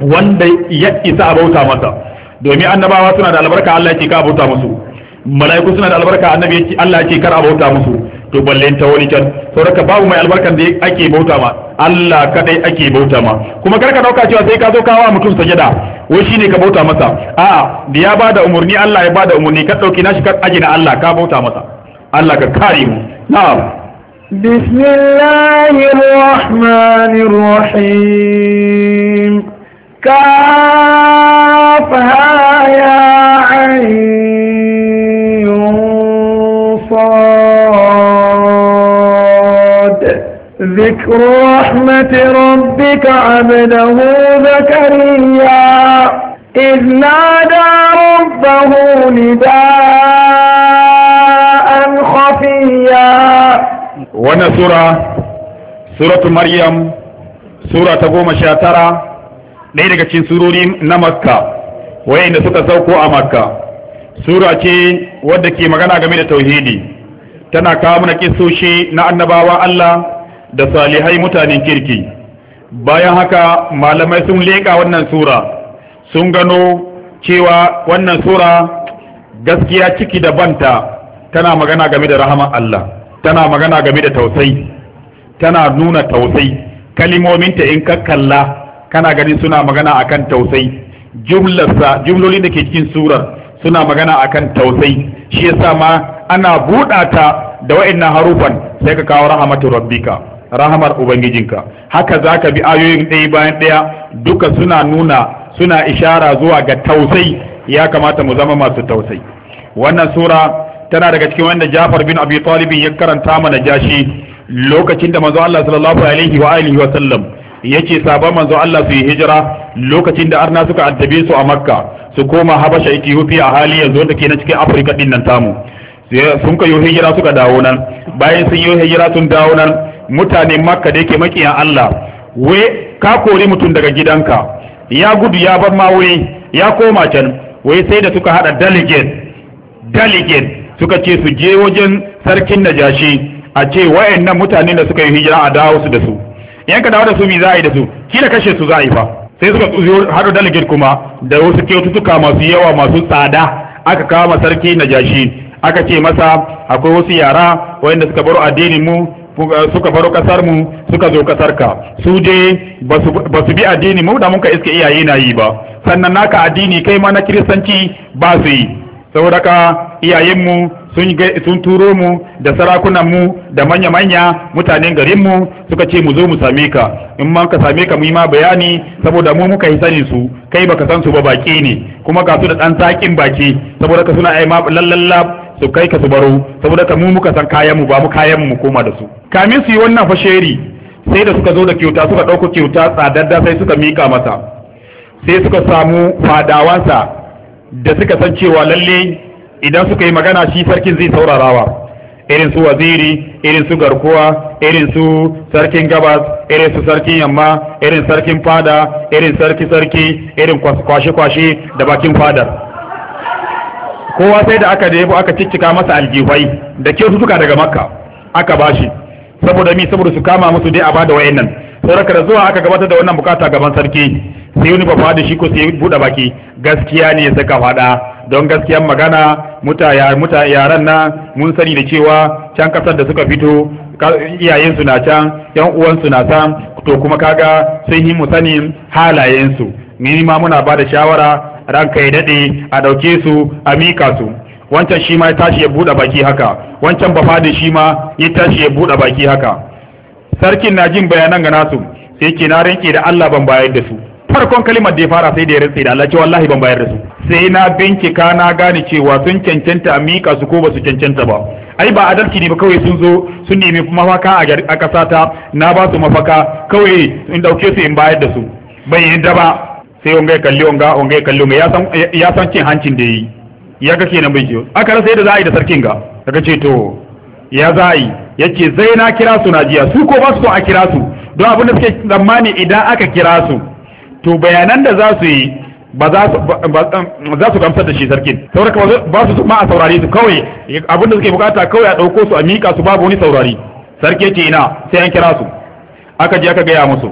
[SPEAKER 2] wanda ya isa a bauta masa domin annabawa suna da albarka Allah ya ce ka bauta musu mala'iku suna da albarka annabi Allah ya ce kar a bauta musu to ballen ta wani can saboda babu mai albarkan da ake bauta ma Allah kadai ake bauta ma kuma karka dauka cewa sai ka zo wa mutum sajada wai shine ka bauta masa a da ya bada umurni Allah ya bada umurni ka dauki nashi ka aji na Allah ka bauta masa Allah ka kare mu
[SPEAKER 1] na'am bismillahir rahmanir rahim الرحيم كافها ya عين صاد ذكر رحمة ربك عبده زكريا إذ نادى ربه نداء خفيا
[SPEAKER 2] وانا سورة سورة مريم سورة تقوم شاترة ɗaya daga cikin surori na makka wayanda suka sauko a makka sura ce wadda ke magana game da tauhidi tana kawo mana kisoshi na annabawan Allah da salihai mutanen kirki bayan haka malamai sun leƙa wannan sura sun gano cewa wannan sura gaskiya ciki da banta tana magana game da rahaman Allah tana magana game da tausayi tana nuna tausayi kalimominta in ka kalla kana ganin suna magana akan tausayi jumlarsa jumlolin da ke cikin surar suna magana akan tausayi shi yasa ma ana buɗata ta da wa'annan harufan sai ka kawo rahmatu rabbika rahamar ubangijinka haka zaka bi ayoyin ɗaya bayan ɗaya duka suna nuna suna ishara zuwa ga tausai ya kamata mu zama masu tausayi wannan sura tana daga cikin wanda Jafar bin Abi Talib ya karanta mana jashi lokacin da manzo Allah sallallahu alaihi wa alihi wa sallam ce sabon manzo Allah su hijira lokacin da arna suka addabe su a Makka su koma Habasha Ethiopia a hali yanzu da ke na cikin Afirka din nan tamu sun ka yi hijira suka dawo nan bayan sun yi hijira sun dawo nan mutanen makka da yake makiyan Allah wai ka kori mutum daga gidanka ya gudu ya bar ma wuri ya koma can wai sai da suka hada delegate delegate suka ce su je wajen sarkin najashi a ce wayannan mutanen da suka yi hijira a dawo su da su in ka dawo da su mi za a yi da su kila kashe su za a yi fa sai suka haɗu delegate kuma da wasu kyaututtuka masu yawa masu tsada aka kama sarki najashi aka ce masa akwai wasu yara wayanda suka baro addinin mu suka baro kasar mu suka zo kasar ka su je ba su bi addini mu da muka iske iyaye na yi ba sannan naka addini kai ma na kiristanci ba su yi saboda ka iyayenmu sun turo mu da sarakunan mu da manya-manya mutanen garin mu suka ce mu zo mu same ka in ma ka same ka mu yi ma bayani saboda mu muka yi sani su kai baka san su ba baki ne kuma ga su da dan sakin baki saboda ka suna ai ma lallalla su kai ka su baro saboda ka mu muka san kayan mu ba mu kayan mu koma da su kamin su yi wannan fasheri sai da suka zo da kyauta suka ɗauka kyauta tsadadda sai suka mika masa sai suka samu fadawansa da suka san cewa lalle idan suka yi magana shi sarkin zai saurarawa irin su waziri irin su garkuwa irin su sarkin gabas irin su sarkin yamma irin sarkin fada irin sarki sarki irin kwashe-kwashe da bakin fadar kowa sai da aka da aka ciccika masa aljihwai da kyautuka daga makka aka bashi saboda mi saboda su kama musu dai a bada wayannan saboda da zuwa aka gabatar da wannan bukata gaban sarki sai wani ba shi ko sai buɗe baki gaskiya ne saka faɗa don gaskiya magana muta yaran na mun sani da cewa can kasar da suka fito iyayensu na can yan uwansu na can to kuma kaga sun yi mu sanin halayensu ni ma muna ba da shawara ranka ya daɗe a ɗauke su a mika su wancan shi ma ya tashi ya buɗe baki haka wancan bafadin shi ma ya tashi ya buɗe baki haka sarkin na jin bayanan ga nasu sai ke na rinke da Allah ban bayar da su farkon kalimar da ya fara sai da ya rantse da Allah ce wallahi ban bayar da su sai na bincika na gane cewa sun cancanta a miƙa su ko ba su cancanta ba ai ba adalci ne ba kawai sun zo sun nemi mafaka a ƙasata na ba su mafaka kawai in dauke su in bayar da su ban yi da ba sai wanga ya kalli wanga wanga ya kalli wanga ya san cin hancin da yi ya ga kenan bai ji aka rasa yadda za a yi da sarkin ga daga ce to ya za a yi ya ce zai na kira su na jiya su ko ba su a kira su don abin da suke tsammani idan aka kira su to bayanan da za su yi ba za su gamsar da shi sarkin sauraka ba su ma a saurari su kawai abin da suke bukata kawai a ɗauko su a miƙa su babu wani saurari sarki ce ina sai an kira su aka je aka gaya musu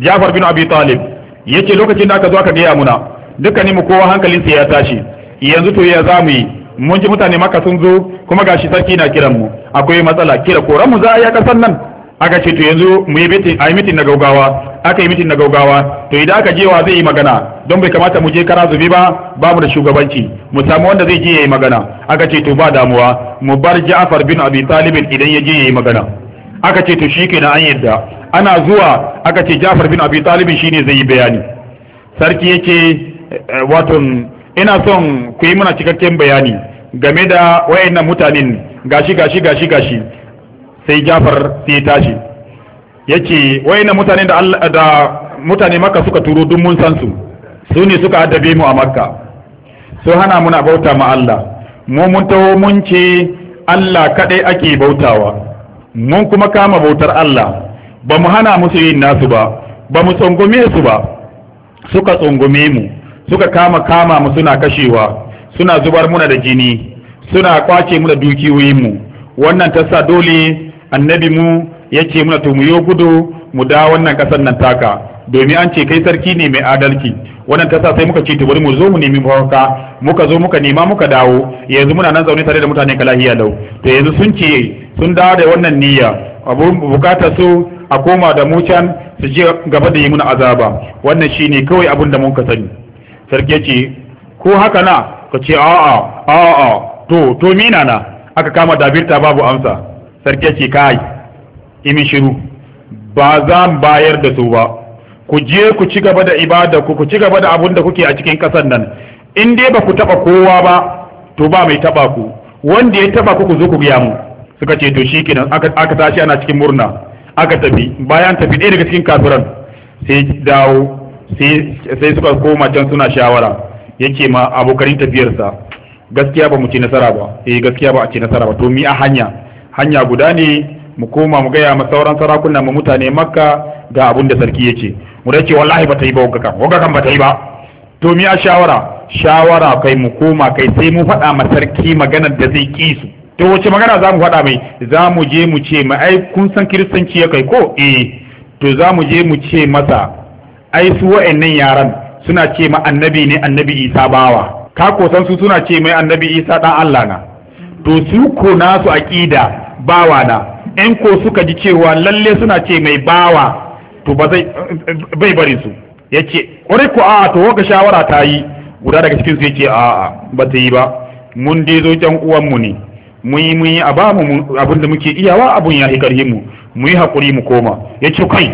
[SPEAKER 2] jafar bin abi talib ya ce lokacin da aka zo aka gaya muna dukkanin mu kowa hankalinsa ya tashi yanzu to ya zamu yi mun ji mutane maka sun zo kuma gashi sarki na kiran mu akwai matsala kira koran mu za a yi kasan nan aka ce to yanzu mu yi mitin a yi mitin na gaugawa aka yi mitin na gaugawa to idan aka je wa zai yi magana don bai kamata mu je kara zubi ba babu da shugabanci mu samu wanda zai je ya yi magana aka ce to ba damuwa mu bar Ja'far bin Abi Talib idan ya je ya yi magana aka ce to shikenan an yadda ana zuwa aka ce Ja'far bin Abi Talib shine zai yi bayani sarki yake eh, wato ina son ku yi mana cikakken bayani game da wayannan mutanen gashi gashi gashi gashi sai Jafar sai ya tashi yace wayannan mutanen da Allah da mutane maka suka turo duk mun san su su ne suka addabe mu a Makka su hana muna bauta ma Allah mu mun taho mun ce Allah kadai ake bautawa mun kuma kama bautar Allah ba mu hana musu yin nasu ba ba mu tsungume su ba suka tsungume mu suka kama kama mu suna kashewa suna zubar muna da jini suna kwace muna dukiyoyinmu wannan ta sa dole annabi mu ya ce muna to mu yo gudu mu da wannan kasar nan taka domin an ce kai sarki ne mai adalci wannan ta sa sai muka ce to bari mu zo mu nemi mafaka muka zo muka nema muka dawo yanzu muna nan zaune tare da mutane lahiya lau to yanzu sun ce sun dawo da wannan niyya abu bukatar su a koma da mu can su je gaba da yi muna azaba wannan shine kawai abun da mun ka sani sarki ce ko haka na ka ce a'a a'a to to mina na aka kama dabirta babu amsa sarki ce kai imi shiru ba za bayar da su ba ku je ku ci gaba da ibada ku ku ci gaba da abun da kuke a cikin kasar nan in dai ba ku taba kowa ba to ba mai taba ku wanda ya taba ku ku zo ku biya mu suka ce to shikenan aka aka tashi ana cikin murna aka tafi bayan tafi ɗaya daga cikin kafiran sai dawo sai suka koma can suna shawara yake ma abokanin tafiyarsa gaskiya ba mu ci nasara ba eh gaskiya ba a ci nasara ba to mi a hanya hanya guda ne mu koma mu gaya ma sauran sarakunan mu mutane makka ga abun da sarki ce mu dace wallahi ba ta yi ba wagga kan wagga kan ba ta yi ba to mi a shawara shawara kai mu koma kai sai mu faɗa ma sarki maganar da zai ki su to wace magana za mu faɗa mai za mu je mu ce ma ai kun san kiristanci ya kai ko eh to za mu je mu ce masa ai su wa'annan yaran suna ce ma annabi ne annabi isa bawa ka ko su suna ce mai annabi isa dan Allah na to su ko nasu aqida bawa na in ko suka ji cewa lalle suna ce mai bawa to ba zai bai bari su yace ƙwarai ko a'a to waka shawara ta yi guda daga cikin su yace a'a ba ta yi ba mun dai zo can uwan mu ne mun yi mun yi a bamu abin da muke iyawa abun ya yi mu mu yi hakuri mu koma ya ce kai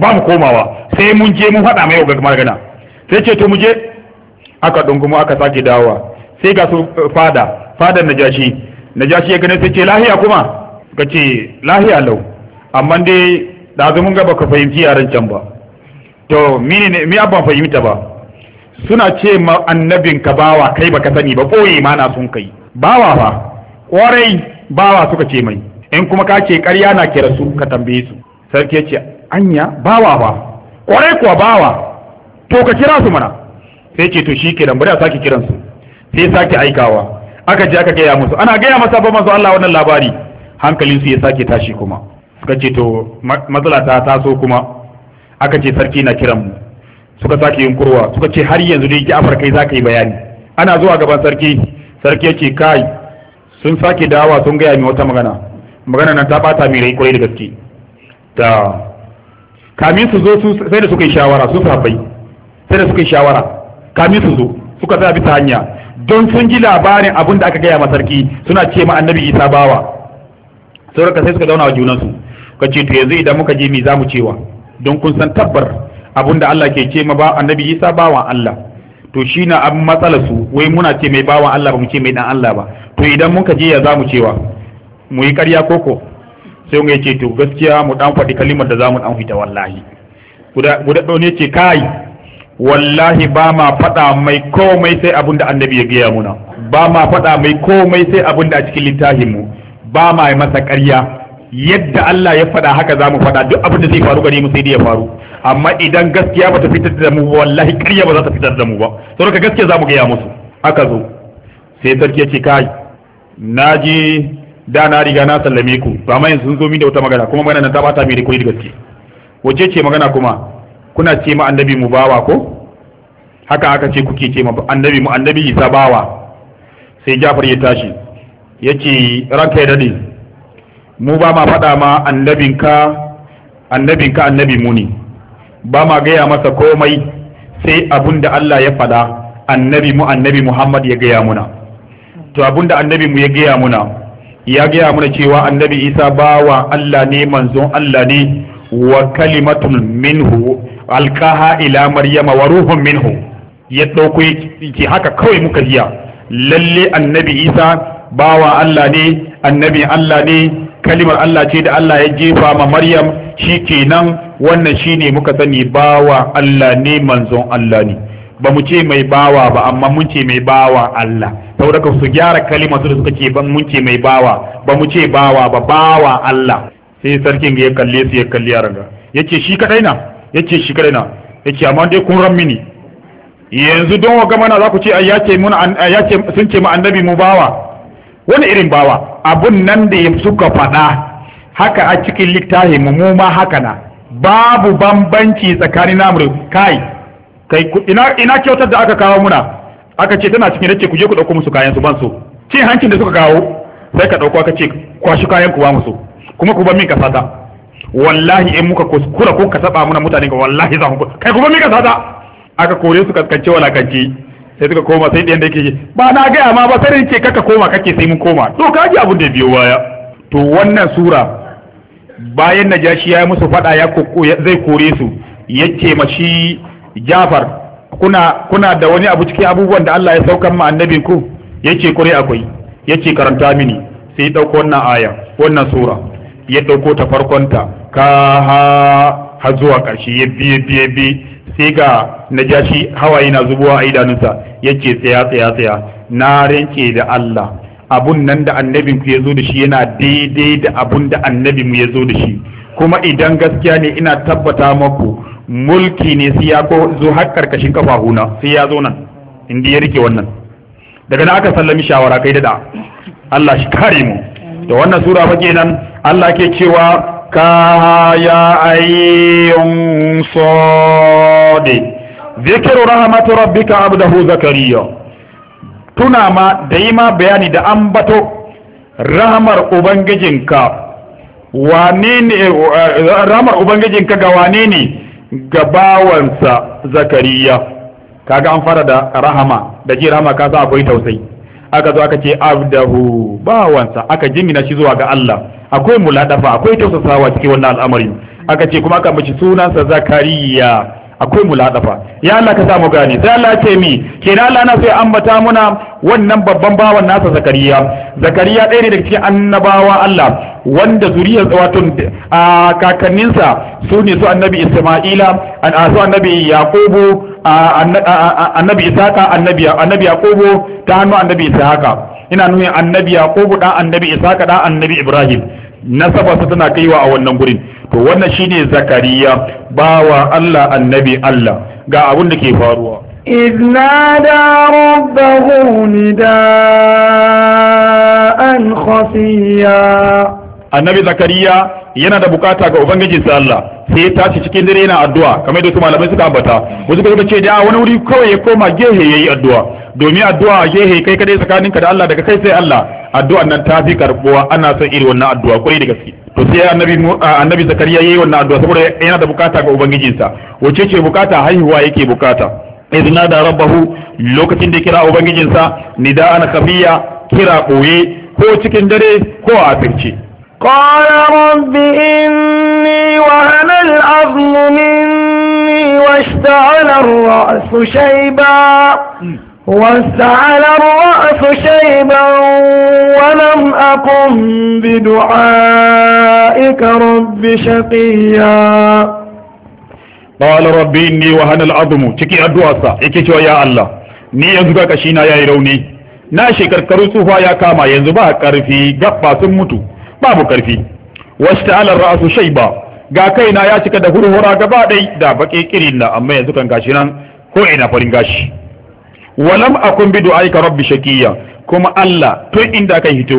[SPEAKER 2] ba mu komawa sai mun je mun faɗa mai ga magana sai ce to mu je aka dungumo aka sake dawowa sai ga su eh, fada fadar najashi najashi ya gane sai ce lahiya kuma ka ce lahiya lau amma dai da mun ga baka fahimci yaran can ba to mini ne mi abban fahimta ba suna ce ma annabin ka bawa kai baka sani ba boye mana sun kai bawa fa kwarai bawa suka ce mai in kuma ka ce ƙarya na kira su ka tambaye su sarki ya ce anya bawa ba kwarai kuwa bawa to ka kira su mana sai ce to shi ke bari a sake kiran su sai sake aikawa aka je aka gaya musu ana gaya masa ba masu Allah wannan labari hankalin su ya sake tashi kuma suka ce to matsala ta taso kuma aka ce sarki na kiran mu suka sake yunkurwa suka ce har yanzu dai Ja'far kai zaka yi bayani ana zuwa gaban sarki sarki ya ce kai sun sake dawa sun gaya mi wata magana magana nan ta bata mai rai kwarai da gaske ta kamin su zo sai da suka yi shawara su sabai sai da suka yi shawara kamin su zo suka tsaya bisa hanya don sun ji labarin abin da aka gaya ma sarki suna ce ma annabi isa bawa sauraka sai suka zauna wa junansu ka ce to yanzu idan muka je mi za mu cewa don kun san tabbar abin da Allah ke ce ma ba annabi isa bawan Allah to shi na abin matsala su wai muna ce mai bawan Allah ba mu ce mai dan Allah ba to idan muka je ya za mu cewa mu yi ƙarya koko sai mu ce to gaskiya mu dan faɗi kalimar da za mu dan fita wallahi guda guda ne ce kai wallahi ba ma faɗa mai komai sai abin da annabi ya gaya muna ba ma faɗa mai komai sai abin da a cikin littafin mu ba ma masa ƙarya yadda Allah ya faɗa haka za mu faɗa duk abin da zai faru gare mu sai dai ya faru amma idan gaskiya ba ta fitar da mu ba wallahi ƙarya ba za ta fitar da mu ba saboda ka gaskiya za mu gaya musu haka zo sai sarki ya ce kai na ji da na riga na sallame ku to amma yanzu sun zo min da wata magana kuma magana nan ta bata mini koyi da gaske wace ce magana kuma kuna ce ma annabi mu bawa ko haka aka ce kuke ce ma annabi mu annabi isa bawa sai Jafar ya tashi ce ranka ya dade mu ba ma faɗa ma annabinka annabinka annabi mu ne ba ma gaya masa komai sai abun da Allah ya faɗa annabi mu annabi Muhammad ya gaya muna to abun da annabi mu ya gaya muna ya gaya mana cewa annabi isa bawa Allah ne manzon Allah ne wa kalimatun minhu alkaha ila maryama wa ruhun minhu ya ɗauko ki haka kawai muka jiya lalle annabi isa bawa Allah ne annabi Allah ne kalimar Allah ce da Allah ya jefa ma maryam shi kenan wannan shine muka sani bawa Allah ne manzon Allah ne ba mu ce mai bawa ba amma mun ce mai bawa Allah saboda ka su gyara kalima su da suka ce ban mun ce mai bawa ba mu ce bawa ba bawa Allah sai sarkin ya kalle su ya kalli yaran ga yace shi kadai na yace shi kadai na yace amma dai kun ran mini yanzu don waka mana za ku ce ya ce mun ya ce sun ce mu annabi mu bawa wani irin bawa abun nan da suka faɗa haka a cikin littafin mu mu ma haka na babu bambanci tsakanin namu kai kai ina ina kyautar da aka kawo muna aka ce tana cikin nace ku je ku dauko musu kayan su ban su ce hancin da suka kawo sai ka dauko aka ce kwashi kayan ku ba musu kuma ku ban min kasata wallahi in muka kuskura ko ka saba muna mutane ga wallahi za mu kai ku ban min kasata aka kore su kaskance walakanci sai suka koma sai ɗayan da yake ba na gaya ma ba sai ce kaka koma kake sai mun koma to ka ji abin da biyo baya to wannan sura bayan najashi ya yi musu fada ya zai kore su yace mashi Jafar kuna kuna da wani abu cikin abubuwan da Allah ya saukan ma annabin ku yace kure akwai yace karanta mini sai dauko wannan aya wannan sura ya dauko ta farkon ta ka ha har zuwa karshe ya biye biye bi sai ga najashi hawaye na zubowa a idanunsa yace tsaya tsaya tsaya na rinke da Allah abun nan da annabin ku ya da shi yana daidai da abun da annabin mu yazo zo da shi kuma idan gaskiya ne ina tabbata maku mulki ne sai ya ko zo har karkashin huna sai ya zo nan inda ya rike wannan daga nan aka sallami shawara kai da Allah shi kare mu da wannan sura ba kenan Allah ke cewa ka ya ayyun sadi zikru rahmat rabbika abdahu zakariya tuna ma da yi ma bayani da ambato rahmar ubangijinka wane ne eh, eh, rahamar ubangijinka ga wane ne ga bawansa zakariya kaga an fara da rahama da ji rahama ka sa akwai tausayi aka zo aka ce abdahu bawansa aka jimina shi zuwa ga Allah akwai muladafa akwai tausasawa cikin wannan al'amari aka ce kuma aka mace sunansa zakariya akwai muladafa ya Allah ka samu gane sai Allah ce mi kenan Allah na sai ambata muna wannan babban bawan nasa zakariya zakariya ɗaya ne daga cikin annabawa Allah wanda zuriyar wato a kakanninsa su ne su annabi isma'ila su annabi yaqubu annabi isaka annabi annabi ta hannu annabi isaka ina nuna annabi yaqubu dan annabi isaka dan annabi ibrahim nasaba su tana kaiwa a wannan gurin to wannan shine zakariya bawa Allah annabi Allah ga abun da ke faruwa
[SPEAKER 1] إذ نادى ربه نداء خفيا
[SPEAKER 2] annabi zakariya yana da bukata ga ubangijinsa Allah sai ya tashi cikin dare yana addu'a kamar yadda su malamai suka ambata wasu kuma ce da wani wuri kawai ya koma gehe yayi addu'a domin addu'a a gehe kai kadai ka da Allah daga kai sai Allah addu'an nan ta fi karbuwa ana son irin wannan addu'a kwarai da gaske to sai annabi annabi zakariya yayi wannan addu'a saboda yana da bukata ga sa wace ce bukata haihuwa yake bukata idna da rabbahu lokacin da kira sa nida'an khafiya kira boye ko cikin dare ko a asirce
[SPEAKER 1] قال رب إني وهن العظم مني واشتعل الرأس شيبا واستعل الرأس شيبا ولم أقم بدعائك رب شقيا قال
[SPEAKER 2] رب إني وهن العظم تكي أدواسا إكي يا الله ni yanzu ga kashi na yayi rauni na shekarkaru tsufa ya kama yanzu ba karfi gabba sun mutu babu karfi wasta ala ra'su ba ga kai na ya cika da hurhura gaba dai da baki kirin na amma yanzu kan gashi nan ko ina farin gashi walam akun bi du'aika rabbi shakiyya kuma Allah tun inda kai hito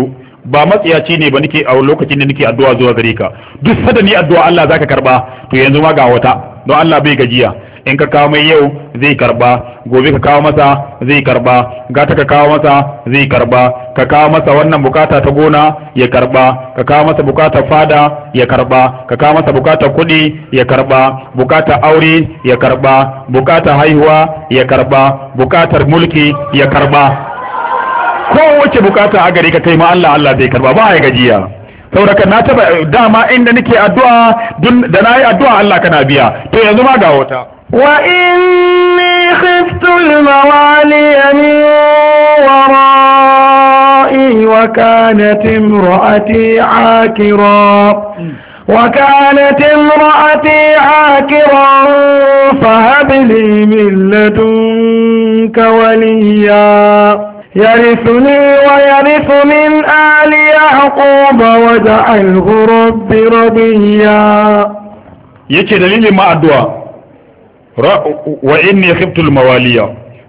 [SPEAKER 2] ba matsiyaci ne ba nake a lokacin da nake addu'a zuwa gare ka duk sada ni addu'a Allah zaka karba to yanzu ma ga wata don Allah bai gajiya in ka kawo mai yau zai karba gobe ka kawo masa zai karba gata ka kawo masa zai karba ka kawo masa wannan bukata ta gona ya karba ka kawo masa bukata fada ya karba ka kawo masa bukata kuɗi ya karba bukata aure ya karba bukata haihuwa ya karba bukatar mulki ya karba kowace bukata a gari ka kai ma Allah Allah zai karba ba ya gajiya sauraka na taba dama inda nake addu'a da na yi addu'a Allah kana biya to yanzu ma ga wata
[SPEAKER 1] وإني خفت الموالي من ورائي وكانت امرأتي عاكرا وكانت امرأتي عاكرا فهب لي من لدنك وليا يرثني ويرث من آل يعقوب وجعله ربي رضيا
[SPEAKER 2] yake دليل ما أدوى wa inni khiftu al-mawaliya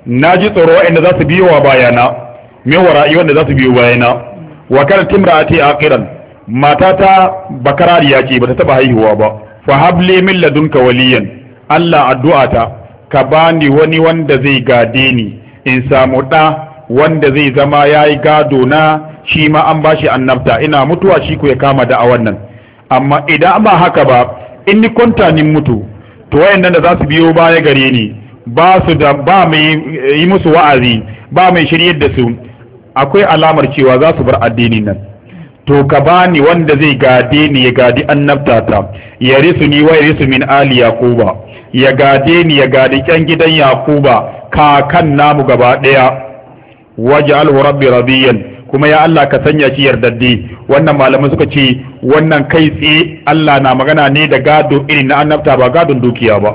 [SPEAKER 2] naji tsoro wa'anda za su biyo wa bayana min wara'i wanda za su biyo bayana wa kana timra'ati akiran matata bakarariya ce bata taba haihuwa ba fa habli min ladunka waliyan Allah ta ka bani wani wanda zai gade ni in samu da wanda zai zama yayi gado na shi ma an bashi annabta ina mutuwa shi ku ya kama da a wannan amma idan ba haka ba in ni kwanta ni mutu to wayannan da za su biyo baya gare ni ba su da ba mai yi musu wa'azi ba mai shiryar da su akwai alamar cewa za su bar addinin nan to ka bani wanda zai gade ni ya gadi annabtata ya risu ni wa risu min ali yakuba ya gade ni ya gadi kyan gidan yakuba kakan namu gaba daya waj'al rabbi radiyan kuma ya Allah ka sanya shi yardadde wannan malamai suka ce wannan kai tsaye Allah na magana ne da gado irin na annabta ba gadon dukiya ba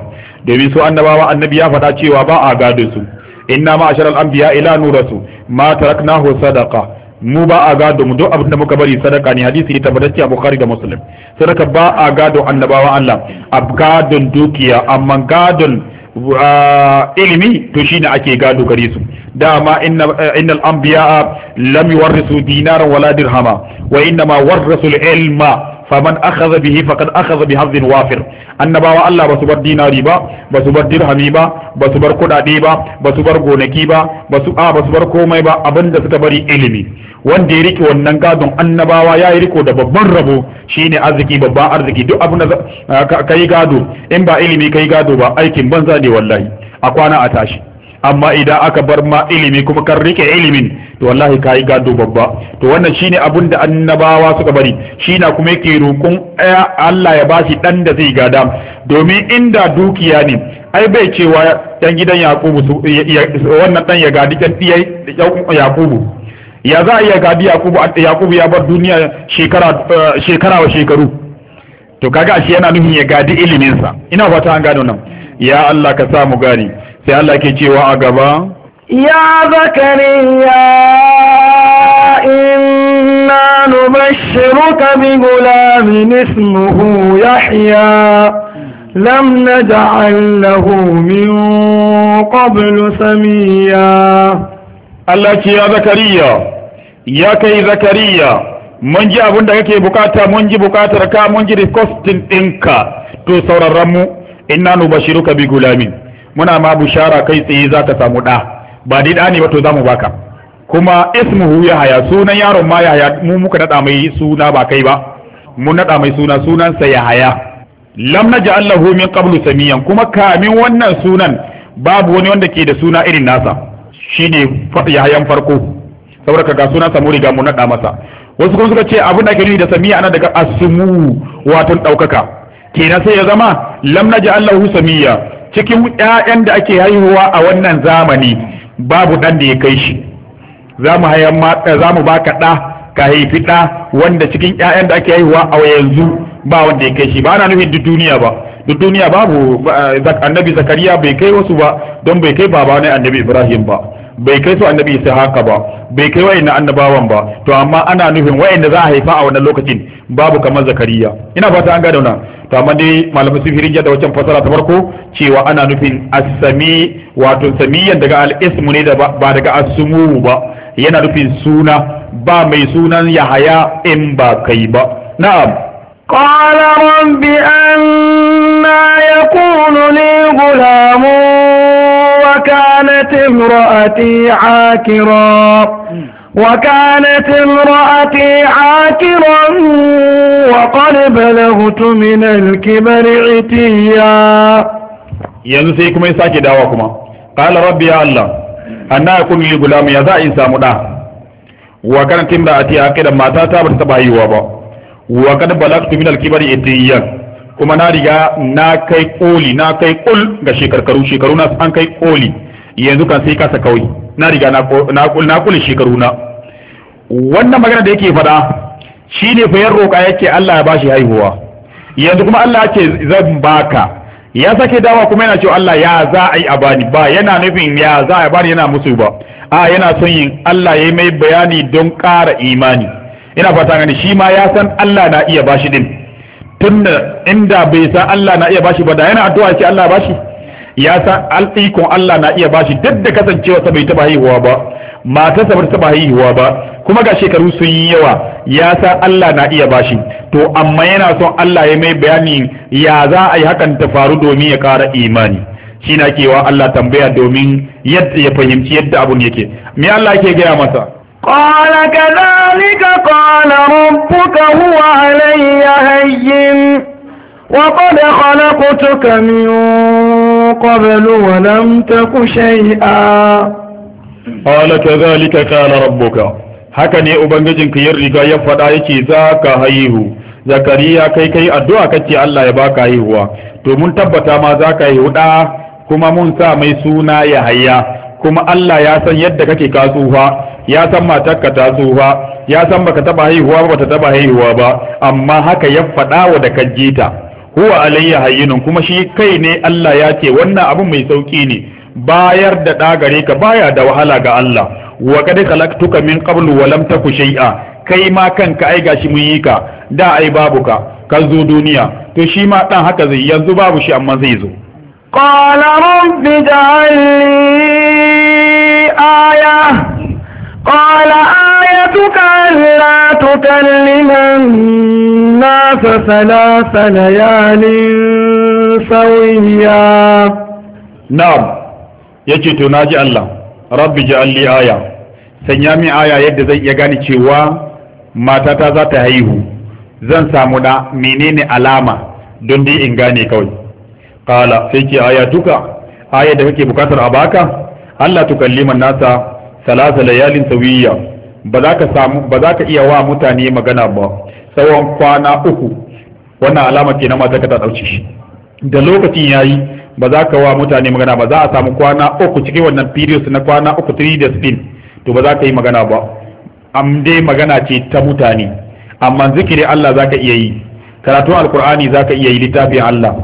[SPEAKER 2] domin su annabawa annabi ya faɗa cewa ba a gado su inna ma asharal anbiya ila nurasu ma taraknahu sadaqa mu ba a gado mu duk abin da muka bari sadaka ne hadisi ita tabbatacce a bukhari da muslim sadaka ba a gado annabawa Allah a gadon dukiya amma gadon ah, ilimi to shine ake gado gare su dama eh, innal anbiya lam yuwarrisu dinaran wala dirhama wa innama warrasu ilma faman akhadha bihi faqad akhadha wafir annabawa Allah basu bar dinari ba basu bar dirhami ba basu bar kudade ba basu bar gonaki ba basu a basu bar komai ba abinda suka bari ilimi wanda ya rike wannan gadon annabawa ya yi riko da babban rabo shine arziki babban arziki duk abin da eh, kai gado in ba ilimi kai gado ba aikin banza ne wallahi a kwana a tashi amma idan aka bar ma ilimi kuma kan rike ilimin to wallahi kai gado babba to wannan shine abun da annabawa suka bari shi kuma yake roƙon Allah ya bashi dan da zai gada domin inda dukiya ne ai bai cewa dan gidan Yakubu wannan dan ya gadi dan Yakubu ya za a iya gadi Yakubu Yakubu ya bar duniya shekara eh, shekara wa shekaru to kaga shi yana nufin ya gadi iliminsa ina fata an gano nan ya Allah ka sa mu gani sai Allah ke cewa a gaba
[SPEAKER 1] ya zakariya inna nubashshiruka bi gulamin ismuhu yahya لم نجعل له من قبل Allah
[SPEAKER 2] الله ya Zakariya, ya kai Zakariya, mun ji abin da kake bukata mun ji bukatar ka mun ji requesting ɗinka to sauraron mu inna nubashiruka bi gulamin muna ma bushara kai tsaye za ka samu ɗa ba dai ɗa ne ba to za mu baka kuma ismuhu ya haya sunan yaron ma ya haya mu muka naɗa mai suna ba kai ba mun naɗa mai suna sunansa ya haya lam naj'al lahu min qablu samiyan kuma kamin wannan sunan babu wani wanda ke da suna irin nasa shine ya hayan farko saboda kaga sunansa mu riga mun naɗa masa wasu kuma suka ce abin da ke nuni da samiya ana daga asmu wato ɗaukaka kenan sai ya zama lam naji allahu samiyan cikin ƴaƴan da ake haihuwa a wannan zamani babu ɗan da ya kai shi za mu hayan eh, za mu baka ɗa ka haifi ɗa wanda cikin ƴaƴan da ake haihuwa a yanzu ba wanda ya kai shi ba ana nufin duk duniya ba duk duniya babu eh, annabi zakariya bai kai wasu ba don bai kai baba annabi ibrahim ba bai kai su annabi haka ba bai kai wayanna annabawan ba to amma ana nufin wayanda za a haifa a wannan lokacin babu kamar zakariya ina fata an gane wannan to amma dai malamin sifirin da wancan fasara ta farko cewa ana nufin as-sami wato samiyan daga al-ismu ne da ba daga as-sumu ba yana nufin suna ba mai sunan yahaya in ba kai ba na'am
[SPEAKER 1] قال رب أنا يكون لي غلام وكانت امرأتي عاكرا وكانت امرأتي عاكرا وقد بلغت من الكبر عتيا ينسيكم يساكي
[SPEAKER 2] دعوكما قال ربي يا الله أنا يكون لي غلام يا ذا إنسان مدع وكانت امرأتي عاكرا ما تاتا بتتبعي وابا وقد بلغت من الكبر عتيا kuma na riga na kai koli na kai kul ga shekarkaru shekaru na an kai koli yanzu kan sai kasa kawai na riga na kuli shekaru na wannan magana da yake faɗa shi ne fayar roƙa yake Allah ya bashi haihuwa yanzu kuma Allah yake zan baka ya sake dawa kuma yana cewa Allah ya za a yi a bani ba yana nufin ya za a bani yana musu ba a yana son yin Allah ya yi mai bayani don ƙara imani ina fata gani shi ma ya san Allah na iya bashi din tunda inda bai sa Allah na iya bashi ba da yana addu'a ce Allah bashi ya san al'ikon Allah na iya bashi duk da kasancewa sa bai taba haihuwa ba matarsa sa taba haihuwa ba kuma ga shekaru sun yi yawa ya san Allah na iya bashi to amma yana son Allah ya mai bayani ya za a yi hakan ta faru domin ya kara imani shi na kewa Allah tambaya domin yadda ya fahimci yadda abun yake me Allah yake gaya masa
[SPEAKER 1] قال كذلك قال ربك هو علي هين وقد خلقتك من قبل ولم تك شيئا
[SPEAKER 2] قال كذلك قال ربك haka ne ubangajin ya riga ya faɗa yake za ka haihu zakariya kai kai addu'a kace Allah ya baka haihuwa to mun tabbata ma za ka haihu da kuma mun sa mai suna ya hayya kuma Allah ya san yadda kake kasuwa. ya san matarka ta tsufa ya san baka taba haihuwa ba ta taba haihuwa ba amma haka ya faɗa wa da kajita huwa alayya hayyinun kuma shi kai ne Allah ya ce wannan abu mai sauki ne bayar da ɗa gare ka baya da wahala ga Allah wa kad khalaqtuka min qablu wa lam taku shay'a kai ma kanka ai gashi mun yi ka da ai babu ka ka zo duniya to shi ma dan haka zai yanzu babu shi amma zai zo
[SPEAKER 1] qala rabbi ja'alni aya قال آيتك ألا تكلم الناس ثلاث ليال سويا نعم
[SPEAKER 2] yace to naji Allah rabbi ja'alli aya sanya min aya yadda zai iya gane cewa matata za ta haihu zan samu da menene alama don dai in gane kawai qala sai ke aya tuka aya da kake bukatar a baka Allah tukalliman nasa salasa layalin sawiyya ba za ka samu ba za ka iya wa mutane magana ba tsawon kwana uku wannan alama ke na mata ka ta dauce shi da lokacin yayi ba za ka wa mutane magana ba za a samu kwana uku cikin wannan period na kwana uku 3 days din to ba za ka yi magana ba am dai magana ce ta mutane amma zikiri Allah za ka iya yi karatun alkur'ani za ka iya yi littafin Allah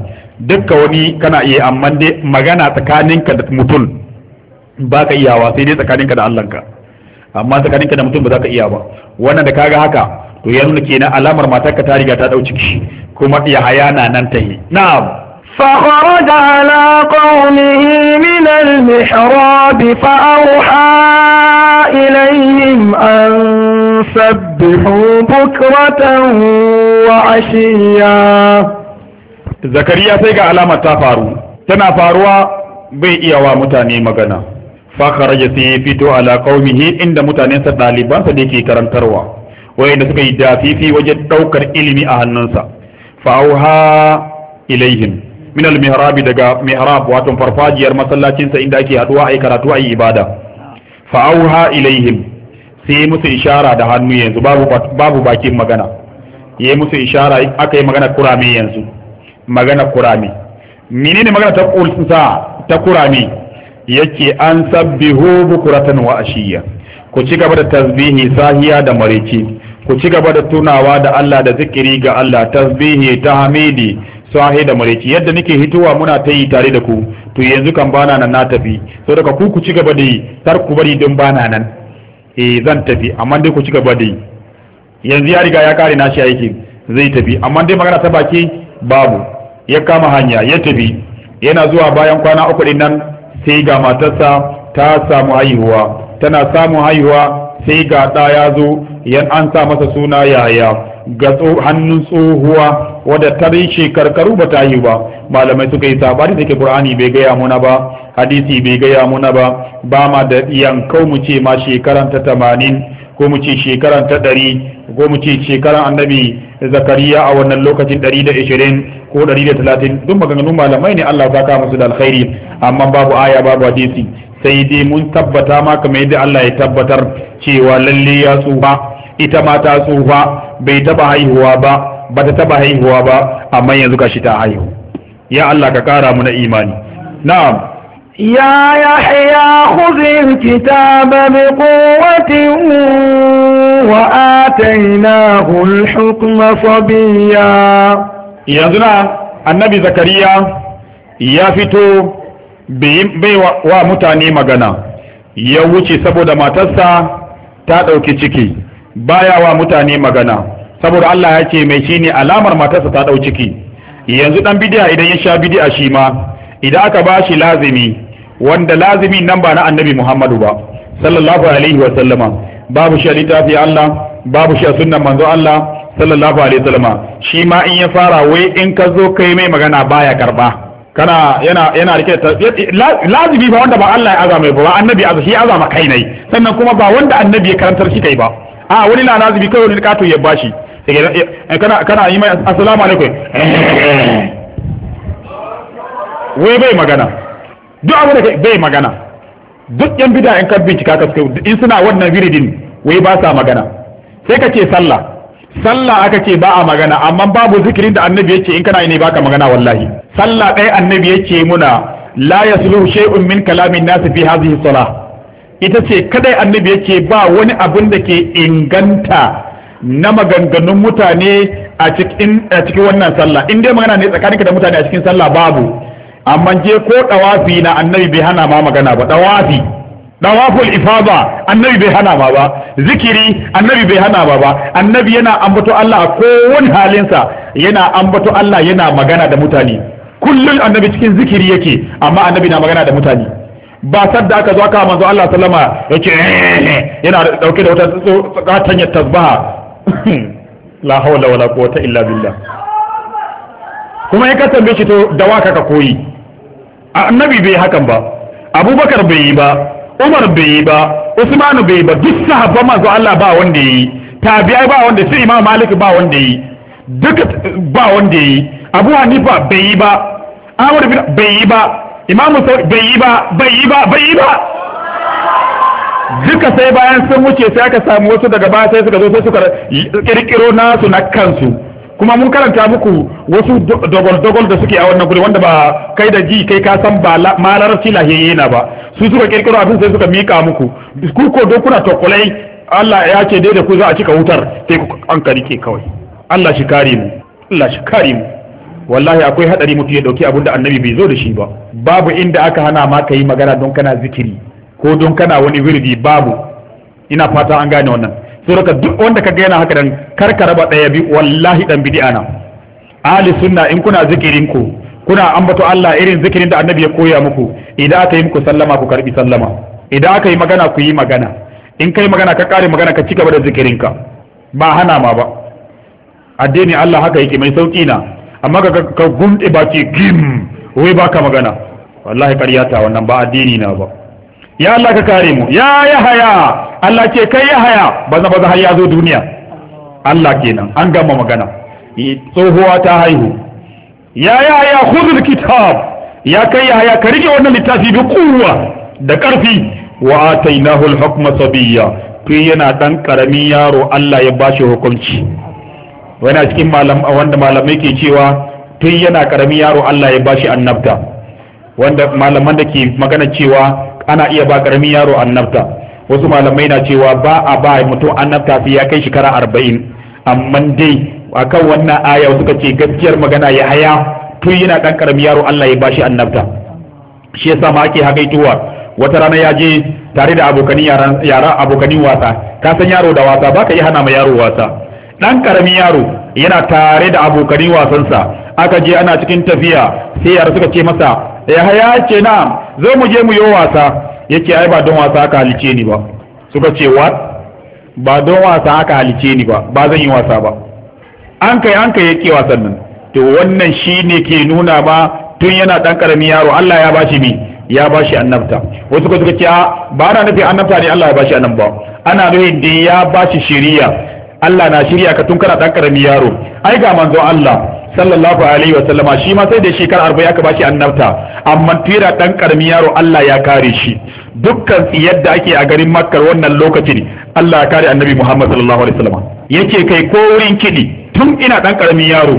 [SPEAKER 2] dukka wani kana iya amma dai magana tsakaninka da mutum ba ka iyawa sai dai tsakaninka da Allahnka amma tsakaninka da mutum ba za ka iya ba wannan da kaga haka to ya nuna kenan alamar matarka ta riga ta dau ciki
[SPEAKER 1] kuma ya haya
[SPEAKER 2] na nan ta yi na'am
[SPEAKER 1] فخرج على قومه من المحراب فأوحى إليهم أن سبحوا بكرة وعشيا
[SPEAKER 2] zakariya sai ga alamar ta faru tana faruwa bai iya wa mutane magana fa kharaja sai ya fito ala qaumihi inda mutanensa ɗalibansa da yake karantarwa wanda suka yi dafifi wajen ɗaukar ilimi a hannunsa fa auha ilaihim min al mihrabi daga mihrab wato farfajiyar masallacinsa inda ake haduwa a karatu ai ibada fa auha ilaihim sai musu ishara da hannu yanzu babu bakin magana ya musu ishara aka yi magana kurame yanzu magana kurame menene magana ta kulsa ta kurame yake an sabbihu bukuratan wa ashiya ku ci gaba da tasbihi sahiya da mareci ku ci gaba da tunawa da Allah da zikiri ga Allah tasbihi ta hamidi sahi da mareci yadda nake hituwa muna ta yi tare da ku to yanzu kan bana nan na tafi so daga ku ku ci gaba da yi tar ku bari don bana nan eh zan tafi amma dai ku ci gaba da yi yanzu ya riga ya kare nashi aiki zai tafi amma dai magana ta baki babu ya kama hanya ya tafi yana zuwa bayan kwana uku din nan sai ga matarsa ta samu haihuwa tana samun haihuwa sai ga ɗa ya zo yan an sa masa suna yaya ga hannun tsohuwa wadda ta yi shekarkaru ba ta yi ba malamai suka yi sabari da ke qur'ani bai gaya muna ba hadisi bai gaya muna ba ba ma da yankau mu ce ma shekaran ta tamanin ko mu ce shekaran ta ɗari ko mu ce shekaran annabi zakariya a wannan lokacin ɗari da ishirin ko 130 duk maganganun malamai ne Allah ya musu da alkhairi amma babu aya babu hadisi sai dai mun tabbata ma kamar yadda Allah ya tabbatar cewa lalle ya tsufa ita ma ta tsufa bai taba haihuwa ba bata taba haihuwa ba amma yanzu kashi ta haihu ya Allah ka kara mu na imani na'am
[SPEAKER 1] يا يحيى خذ الكتاب بقوة وآتيناه الحكم صبيا
[SPEAKER 2] yanzu na annabi zakariya ya fito bai wa mutane magana ya wuce saboda matarsa ta ɗauki ciki baya wa mutane magana saboda Allah ya ce mai shine alamar matarsa ta ɗauki ciki yanzu ɗan bidiya idan ya sha bidiya shi ma idan aka ba shi lazimi wanda lazimi nan ba na annabi Muhammadu ba sallallahu alaihi wa sallama babu shi a littafi Allah babu shi a sunnan manzo Allah sallallahu alaihi wasallam shi ma in ya fara wai in ka zo kai mai magana baya karba kana yana yana rike lazimi ba wanda ba Allah ya azama ba annabi azama shi azama kai nai sannan kuma ba wanda annabi ya karantar shi kai ba a wani na lazimi kai wani kato ya bashi eh, kana kana yi mai assalamu alaikum wai bai magana duk abu da bai magana duk yan bida in ka bincika ka in suna wannan wiridin wai ba sa magana sai ka ce sallah sallah aka ce ba a magana amma babu zikirin da annabi yace in kana ne baka magana wallahi sallah dai annabi yace muna la yasluhu shay'un min kalamin nas fi hadhihi salah ita ce kadai annabi yace ba wani abin da ke inganta na maganganun mutane a cikin a cikin wannan sallah in dai magana ne tsakaninka da mutane a cikin sallah babu amma je ko dawafi na annabi bai hana ma magana ba dawafi dawaful ifada annabi bai hana ba ba zikiri annabi bai hana ba ba annabi yana ambato Allah a kowane halinsa yana ambato Allah yana magana da mutane kullun annabi cikin zikiri yake amma annabi na magana da mutane ba sadda aka zo aka manzo Allah sallama yake eh, yana dauke da wata ya tasbaha la hawla wala quwwata illa billah kuma ya kasan shi to da ka koyi annabi bai hakan ba abubakar bai yi ba Umar bai yi ba Usmanu bai yi ba duk sahabban manzo Allah ba wanda yi tabi'ai ba wanda sai Imam Malik ba wanda yi duka ba wanda yi Abu Hanifa bai yi ba Ahmad bin bai yi ba Imam bai yi ba bai yi ba bai yi ba duka sai bayan sun wuce sai aka samu wasu daga baya sai suka zo sai suka kirkiro nasu na kansu kuma mun karanta muku wasu dogol-dogol da suke a wannan guri wanda ba kai da ji kai ka san ba malarci lahiyayye na ba su suka kirkiro abin sai suka mika muku ku ko don kuna tokolai Allah ya ce dai da ku za a cika wutar sai ku an karike kawai Allah shi kare mu Allah shi kare mu wallahi akwai hadari mutum ya dauki abin da annabi bai zo da shi ba babu inda aka hana ma ka magana don kana zikiri ko don kana wani wirdi babu ina fata an gane wannan suraka duk wanda ka ga yana haka dan karkara ba daya bi wallahi dan bid'a na ahli sunna in kuna zikirin ku kuna ambato Allah irin zikirin da annabi ya koya muku idan aka yi muku sallama ku karbi sallama idan aka yi magana ku yi magana in kai magana ka kare magana ka cigaba da zikirinka ba hana ma ba addini Allah haka yake mai sauki na amma ka ka gumde baki gim wai baka magana wallahi ƙarya ta wannan ba addini na ba ya Allah ka kare mu ya ya haya, Allah ce kai ya haya, baza baza har ya zo duniya Allah kenan an gama magana tsohuwa ta haihu ya ya ya khudhul kitab ya kai ya ya ka rike wannan littafi bi quwwa da karfi wa atainahu al-hukma sabiyya tun yana dan karamin yaro Allah ya bashi hukunci wani a cikin malam wanda malamai ke cewa tun yana karamin yaro Allah ya bashi annabta wanda malaman da ke magana cewa ana iya ba karamin yaro annabta wasu malamai na cewa ba a ba mutum annabta sai ya kai shekara arba'in amma dai a kan wannan aya suka ce gaskiyar magana ya haya tun yana ɗan ƙaramin yaro Allah ya bashi annabta shi ya ma ake hagaituwa wata rana ya je tare da abokanin yara abokanin wasa ka san yaro da wasa baka yi hana ma yaro wasa ɗan ƙaramin yaro yana tare da abokanin wasansa aka je ana cikin tafiya sai yara suka ce masa ya haya ce na zo mu je mu yi wasa yake ai ba don wasa aka halice ni ba suka ce wa ba don wasa aka halice ni ba ba zan yi wasa ba an kai an kai yake wasan nan to wannan shi ne ke nuna ba tun yana dan karami yaro Allah ya bashi mi ya bashi annabta wasu ko suka ce ba ana nufi annabta ne Allah ya bashi annan ba ana nufin da ya bashi shiriya Allah na shirya ka tun kana dan karami yaro ai ga manzo Allah sallallahu alaihi wa sallama shi ma sai da shekara ya ka bashi annabta amma tira dan karami yaro Allah ya kare shi dukkan yadda ake a garin makkar wannan lokacin Allah ya kare Annabi Muhammad sallallahu alaihi wa sallama yake kai ko wurin kidi tun ina ɗan karamin yaro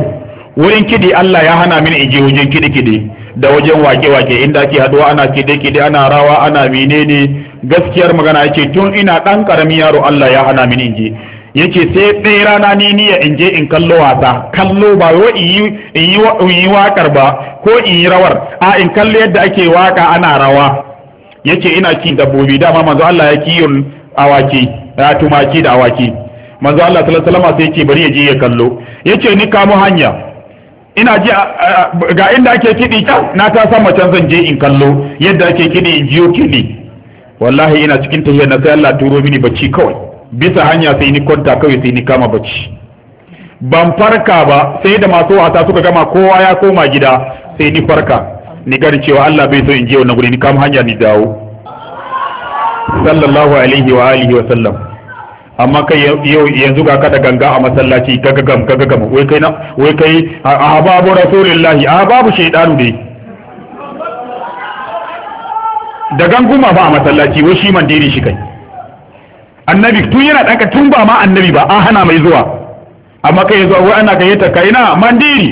[SPEAKER 2] wurin kidi Allah ya hana mini in je wajen kidi kidi da wajen wake wake inda ake haɗuwa ana kidi kidi ana rawa ana menene gaskiyar magana yake tun ina ɗan karamin yaro Allah ya hana mini in je yake sai ɗaya rana ni niyya in je in kallo wasa kallo ba wai in yi wakar ba ko in yi rawar a in kallo yadda ake waka ana rawa yake ina kin dabbobi dama manzo Allah ya kiyon awaki ya tumaki da awaki manzo Allah sallallahu alaihi wasallam sai yake bari ya je ya kallo yace ni kamo hanya ina ji ga inda ake kidi ta na ta san macen zan je in kallo yadda ake kidi in jiyo kidi wallahi ina cikin tahiyar na sai Allah turo mini bacci kawai bisa hanya sai ni kwanta kawai sai ni kama bacci ban farka ba sai da masu wata suka gama kowa ya koma gida sai ni farka ni gari cewa Allah bai so in je wannan guri ni kama hanya ni dawo sallallahu alaihi wa alihi wa sallam amma kai yau yanzu ga kada ganga a masallaci gagagam gagagam wai kai na wai kai a babu rasulillahi a babu shaidanu dai da ganguma ba a masallaci wai shi mandiri shi kai annabi tun yana daka tun ba ma annabi ba an hana mai zuwa amma kai yanzu wai ana gayyata ka ina mandiri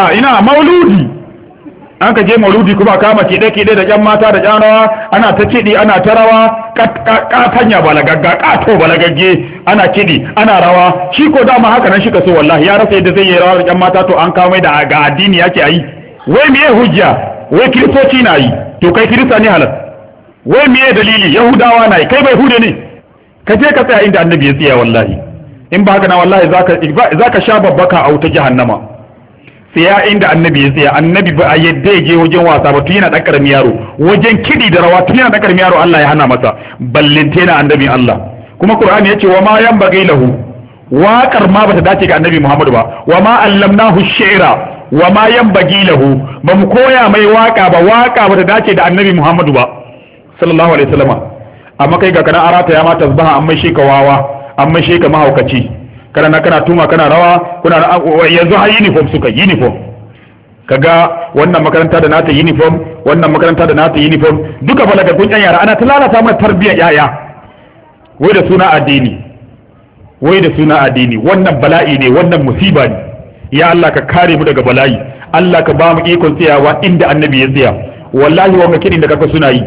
[SPEAKER 2] a ina mauludi an ka je mauludi kuma kama kiɗe-kiɗe da ƴan mata da ƴan rawa ana ta cidi ana ta rawa katanya balagagga kato balagagge ana kidi ana rawa shi ko dama haka nan shi ka so wallahi ya rasa yadda zai yi rawa da ƴan mata to an kawo mai da ga addini yake ayi wai me hujja wai kiristoci na yi to kai kirista ne halal wai me dalili yahudawa na yi kai bai hude ne ka je ka tsaya inda annabi ya tsaya wallahi in ba haka na wallahi zaka zaka sha babbaka a wuta jahannama tsaya inda annabi ya tsaya annabi ba a yadda ya je wajen wasa ba tun yana dan karamin yaro wajen kidi da rawa tun yana dan karamin yaro Allah ya hana masa ballinte na annabi Allah kuma Qur'ani yace wa ma yanbaghi lahu waƙar ma bata dace ga annabi Muhammadu ba wa ma allamnahu shi'ra wa ma yanbaghi lahu ba mu koya mai waka ba waka bata dace da annabi Muhammadu ba sallallahu alaihi wasallam amma kai ga kana arata ya ma tasbaha amma shi ka wawa amma shi ka mahaukaci kana na kana tuma kana rawa kuna yanzu har uniform suka uniform kaga wannan makaranta da nata uniform wannan makaranta da nata uniform duka balagagun yan yara ana ta lalata mana tarbiyyar yaya wai da suna addini wai da suna addini wannan bala'i ne wannan musiba ne ya Allah ka kare mu daga bala'i Allah ka ba mu ikon tsayawa inda annabi ya tsaya wallahi wanga kidin da kaga suna yi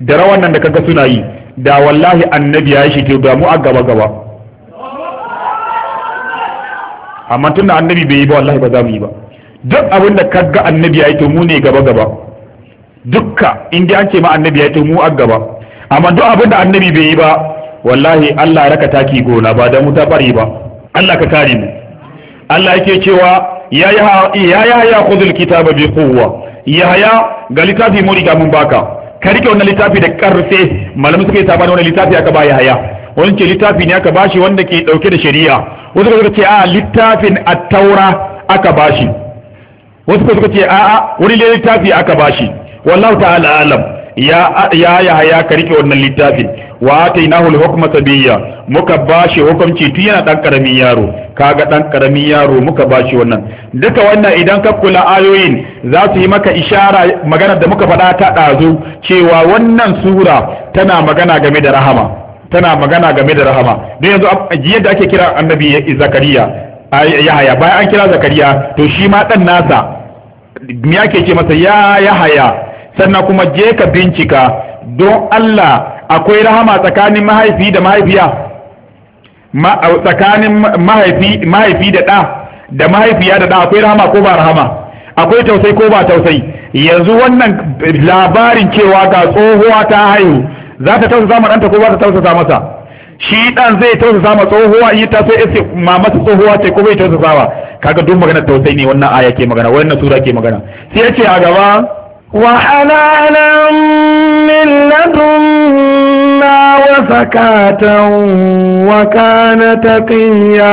[SPEAKER 2] da rawan nan da kaga suna yi da wallahi annabi ya shi ke ga mu a gaba gaba amma tun da annabi bai yi ba wallahi ba za mu yi ba duk abin da kaga annabi ya yi to mu ne gaba gaba dukka in dai an ce ma annabi ya yi to mu a gaba amma duk abin da annabi bai yi ba wallahi Allah ya raka taki gona ba da mu ta bari ba Allah ka kare mu Allah yake cewa ya ya ya ya khudhul kitaba bi quwwa ya ya ga littafi mu riga mun baka ka rike wannan littafi da karfe malamin suke yi wannan littafi aka ba ya ya wani ce littafi ne aka bashi wanda ke dauke da shari'a wasu suka ce a littafin at-taura aka bashi wasu suka ce a a wani littafi aka bashi wallahu ta'ala alam ya ya ya ka rike wannan littafin wa atainahu al-hukma sabiyya muka bashi hukumci tun yana dan karamin yaro kaga dan karamin yaro muka bashi wannan duka wannan idan ka kula ayoyin za su yi maka ishara magana da muka faɗa ta ɗazu cewa wannan sura tana magana game da rahama tana magana game da rahama don yanzu yadda ake kira annabi zakariya yahaya bayan an kira zakariya to shi ma dan nasa me ake ce masa ya yahaya sannan kuma je ka bincika don Allah akwai rahama tsakanin mahaifi da mahaifiya tsakanin mahaifi da ɗa da mahaifiya da ɗa akwai rahama ko ba rahama akwai tausai ko ba tausai yanzu wannan labarin cewa ga tsohuwa ta haihu za ta tausasa ma ɗanta ko ba ta tausasa masa shi ɗan zai tausasa ma tsohuwa in yi taso iske mamasa tsohuwa ce ko bai tausasawa kaga duk magana tausayi ne wannan aya ke magana wannan sura ke magana sai ya ce a gaba wa halalan min ladunna wa zakatan wa kana taqiya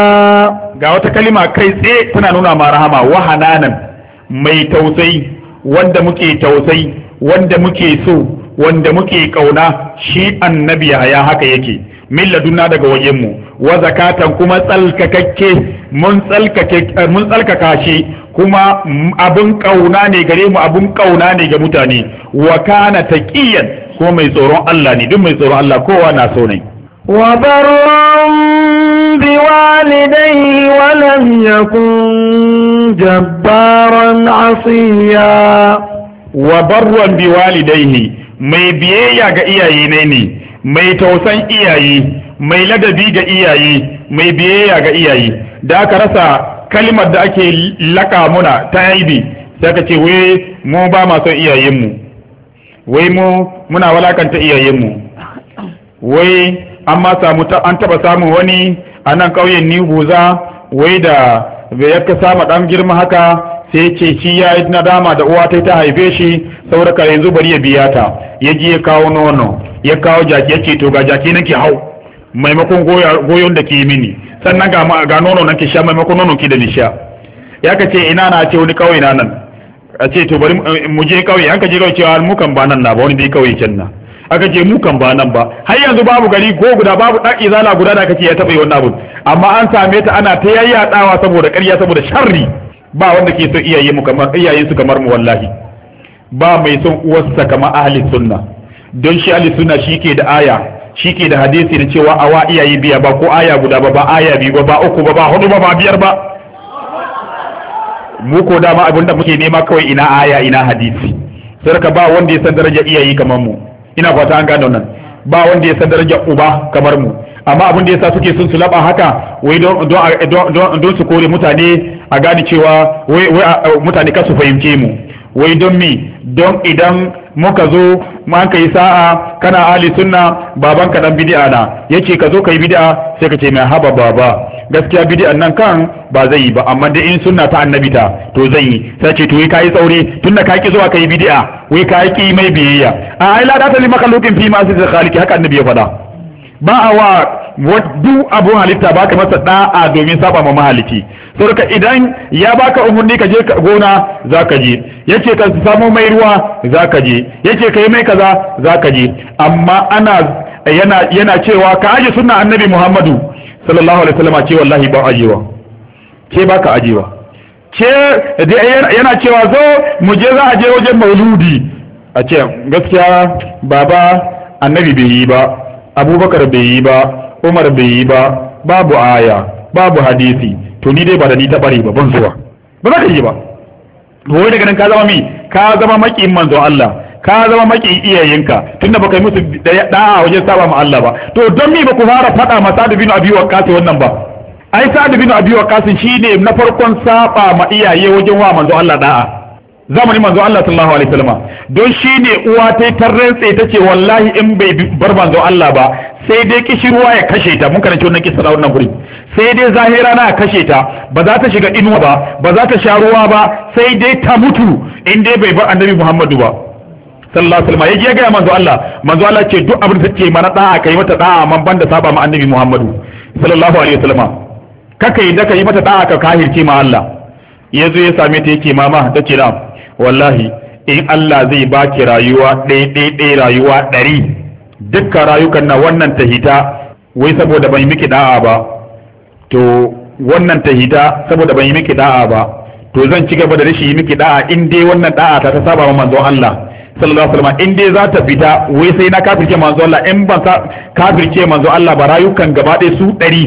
[SPEAKER 2] ga wata kalima kai tsaye tana nuna ma rahama wa hananan mai tausayi wanda muke tausayi wanda muke so wanda muke kauna shi annabi ya haka yake min ladunna daga wajenmu wa zakatan kuma tsalkakakke eh, mun tsalkaka shi kuma abun kauna ne gare mu abun kauna ne ga mutane wa kana taqiyan ko mai tsoron Allah ne duk mai tsoron Allah kowa na so ne wa
[SPEAKER 1] barran biwalidayhi wa lam yakun jabbaran asiya
[SPEAKER 2] wa barran biwalidayhi mai biyayya ga iyaye ne ne mai tausan iyaye mai ladabi ga iyaye mai biyayya ga iyaye da aka rasa kalimar da ake laka muna ta aibi sai ka ce wai mu ba ma iyayenmu wai mu muna walakanta iyayenmu wai an ma samu an taba samu wani a nan ƙauyen ni buza wai da bai ka sama dan girma haka sai ce shi ya yi nadama da uwa ta ta haife shi saboda yanzu bari ya biya ta ya je ya kawo nono ya kawo jaki ya ce to ga jaki nake hau maimakon goyon da ke mini sannan ga ga nono nake sha maimakon nono ki da ni sha ya ka ce ina na ce wani kawai na nan a ce to bari mu eh, je kawai an ka je kawai cewa mu kan ba nan na ba wani dai kawai can na aka ce mu kan ba nan ba har yanzu babu gari ko guda babu daki zala guda da kace ya taba yi wannan abun amma an same ta ana ta yayyadawa saboda ƙarya saboda sharri ba wanda ke son iyaye mu kamar iyayen su kamar mu wallahi ba mai son uwarsa kamar ahli sunna don shi ahli sunna shike da aya shike da hadisi da cewa awa iyaye biya ba ko aya guda ba ba aya biyu ba ba uku ba ba hudu ba ba biyar ba mu ko dama abin da muke nema kawai ina aya ina hadisi sarka ba wanda ya san daraja iyaye kamar mu ina fata an gano nan ba wanda ya san daraja uba kamar mu amma abin da yasa suke sun su laba haka wai don don su kore mutane a gane cewa wai mutane kasu fahimce mu wai don mi don idan muka zo man yi sa'a kana ali sunna babanka dan bid'a na yace ka zo kai bid'a sai ka ce mai haba baba gaskiya bid'an nan kan ba zai yi ba amma dai in sunna ta annabi ta to zai yi sai ce to wai kai tun tunda ka ki zuwa kai bid'a wai ka ki mai biyayya a ai la data li makhluqin fi ma sirri khaliqi haka annabi ya faɗa ba a wa duk abun halitta ba ka masa da'a domin saba ma mahaliki saboda idan ya baka umarni ka je gona zaka je yace ka samu mai ruwa zaka je yace ka yi mai kaza zaka je amma ana yana yana cewa ka aje sunna annabi Muhammadu sallallahu alaihi wasallam ce wallahi ba ajewa ke baka ajewa ke yana cewa zo mu je za a je wajen mauludi a ce gaskiya baba annabi bai yi ba abubakar bai yi ba umar bai yi ba babu aya babu hadisi to ni dai ba da ni ta bari ba ban zuwa ba za ka yi ba wai daga nan ka zama mi ka zama makiyin manzo Allah ka zama maki iyayenka tunda baka yi musu da da'a wajen saba ma Allah ba to don ba baku fara fada ma Sa'd bin Abi Waqqas wannan ba ai Sa'd bin Abi Waqqas shine na farkon saba ma iyaye wajen wa manzo Allah da'a zamanin manzo Allah sallallahu alaihi wasallam don shine uwa ta tarrantse ta ce wallahi in bai bar manzo Allah ba sai dai kishirwa ya kashe ta mun karanci wannan kisa da wannan guri sai dai zahira na kashe ta ba za ta shiga inuwa ba ba za ta sha ruwa ba sai dai ta mutu in dai bai bar annabi muhammadu ba sallallahu alaihi wasallam ya ga manzo Allah manzo Allah ce duk abin da take mana da'a kai mata da'a man banda saba ma annabi muhammadu sallallahu alaihi wasallam kaka yi daka yi mata da'a ka kahirce ma Allah yazo ya same ta yake mama ta ce da wallahi in Allah zai baki rayuwa ɗaya ɗaya ɗaya rayuwa ɗari dukkan rayukan na wannan ta hita wai saboda ban miki da'a ba to wannan ta hida saboda ban yi miki da'a ba to zan ci gaba da rashin yi miki da'a in dai wannan da'a ta ta saba ma manzon Allah sallallahu alaihi wasallam in dai za ta fita wai sai na kafirce manzon Allah in ban kafirce manzon Allah ba rayukan gaba ɗaya su ɗari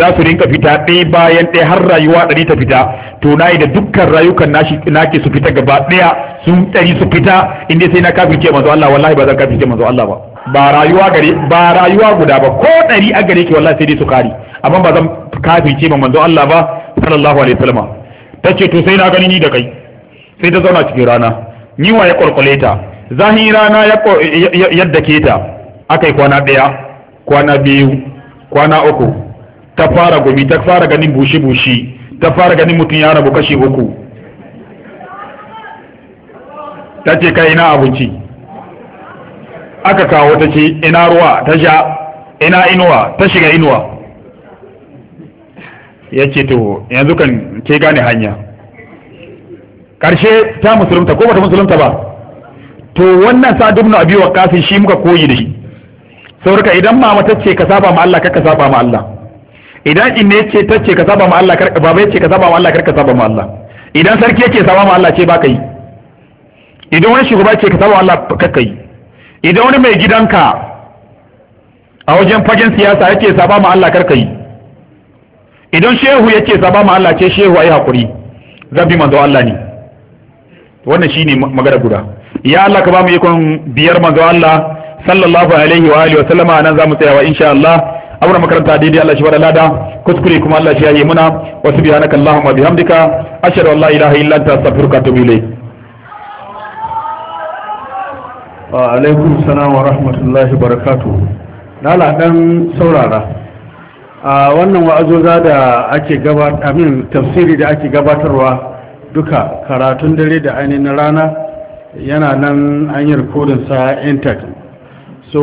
[SPEAKER 2] za su rinka fita ɗaya bayan ɗaya har rayuwa ɗari ta fita to na yi da dukkan rayukan nashi nake su fita gaba ɗaya su ɗari su fita in dai sai na kafirce manzon Allah wallahi ba zan kafirce manzon Allah ba ba rayuwa gare ba rayuwa guda ba ko ɗari a gare ki wallahi sai dai su kare amma ba zan kafirce ba manzo Allah ba sallallahu alaihi wasallam tace to sai na gani ni da kai sai ta zauna cikin rana ni wa ya kwalkwale ta zahin rana yadda ke ta akai kwana daya kwana biyu kwana uku ta fara gumi ta fara ganin bushi bushi ta fara ganin mutum ya rabu kashi uku ta ce kai ina abinci aka kawo ta ce ina ruwa ta sha ina inuwa ta shiga inuwa ya ce to yanzu kan ke gane hanya ƙarshe ta musulunta ko bata musulunta ba to wannan sa'ad ibn abi kasin shi muka koyi da shi saboda idan mama ta ce ka saba ma Allah kar ka saba ma Allah idan inne ce ta ce ka saba ma Allah karka baba ya ce ka saba ma Allah kar ka saba ma Allah idan sarki ce saba ma Allah ce ba kai idan wani shugaba ce ka saba ma Allah kar ka yi idan wani mai gidanka a wajen fagen siyasa yake saba ma Allah kar ka yi idan shehu yake saba ma Allah ce shehu ayi hakuri zabi manzo Allah ne wannan shine magana guda ya Allah ka ba mu ikon biyar manzo Allah sallallahu alaihi wa alihi wa sallama nan zamu tsayawa insha Allah abuna makaranta daidai Allah shi bada lada kuskure kuma Allah shi yayi muna wa subhanaka allahumma bihamdika ashhadu an la ilaha illa anta astaghfiruka wa atubu ilayk wa alaikum salam wa rahmatullahi wa barakatuh lala dan saurara a wannan wa'azoza da ake gabatar amin tafsiri da ake gabatarwa duka karatun dare da ainihin rana yana nan an yi rikodin sa intact
[SPEAKER 1] so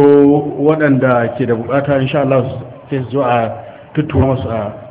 [SPEAKER 1] waɗanda ke da bukata insha Allah su zuwa tuttura masu a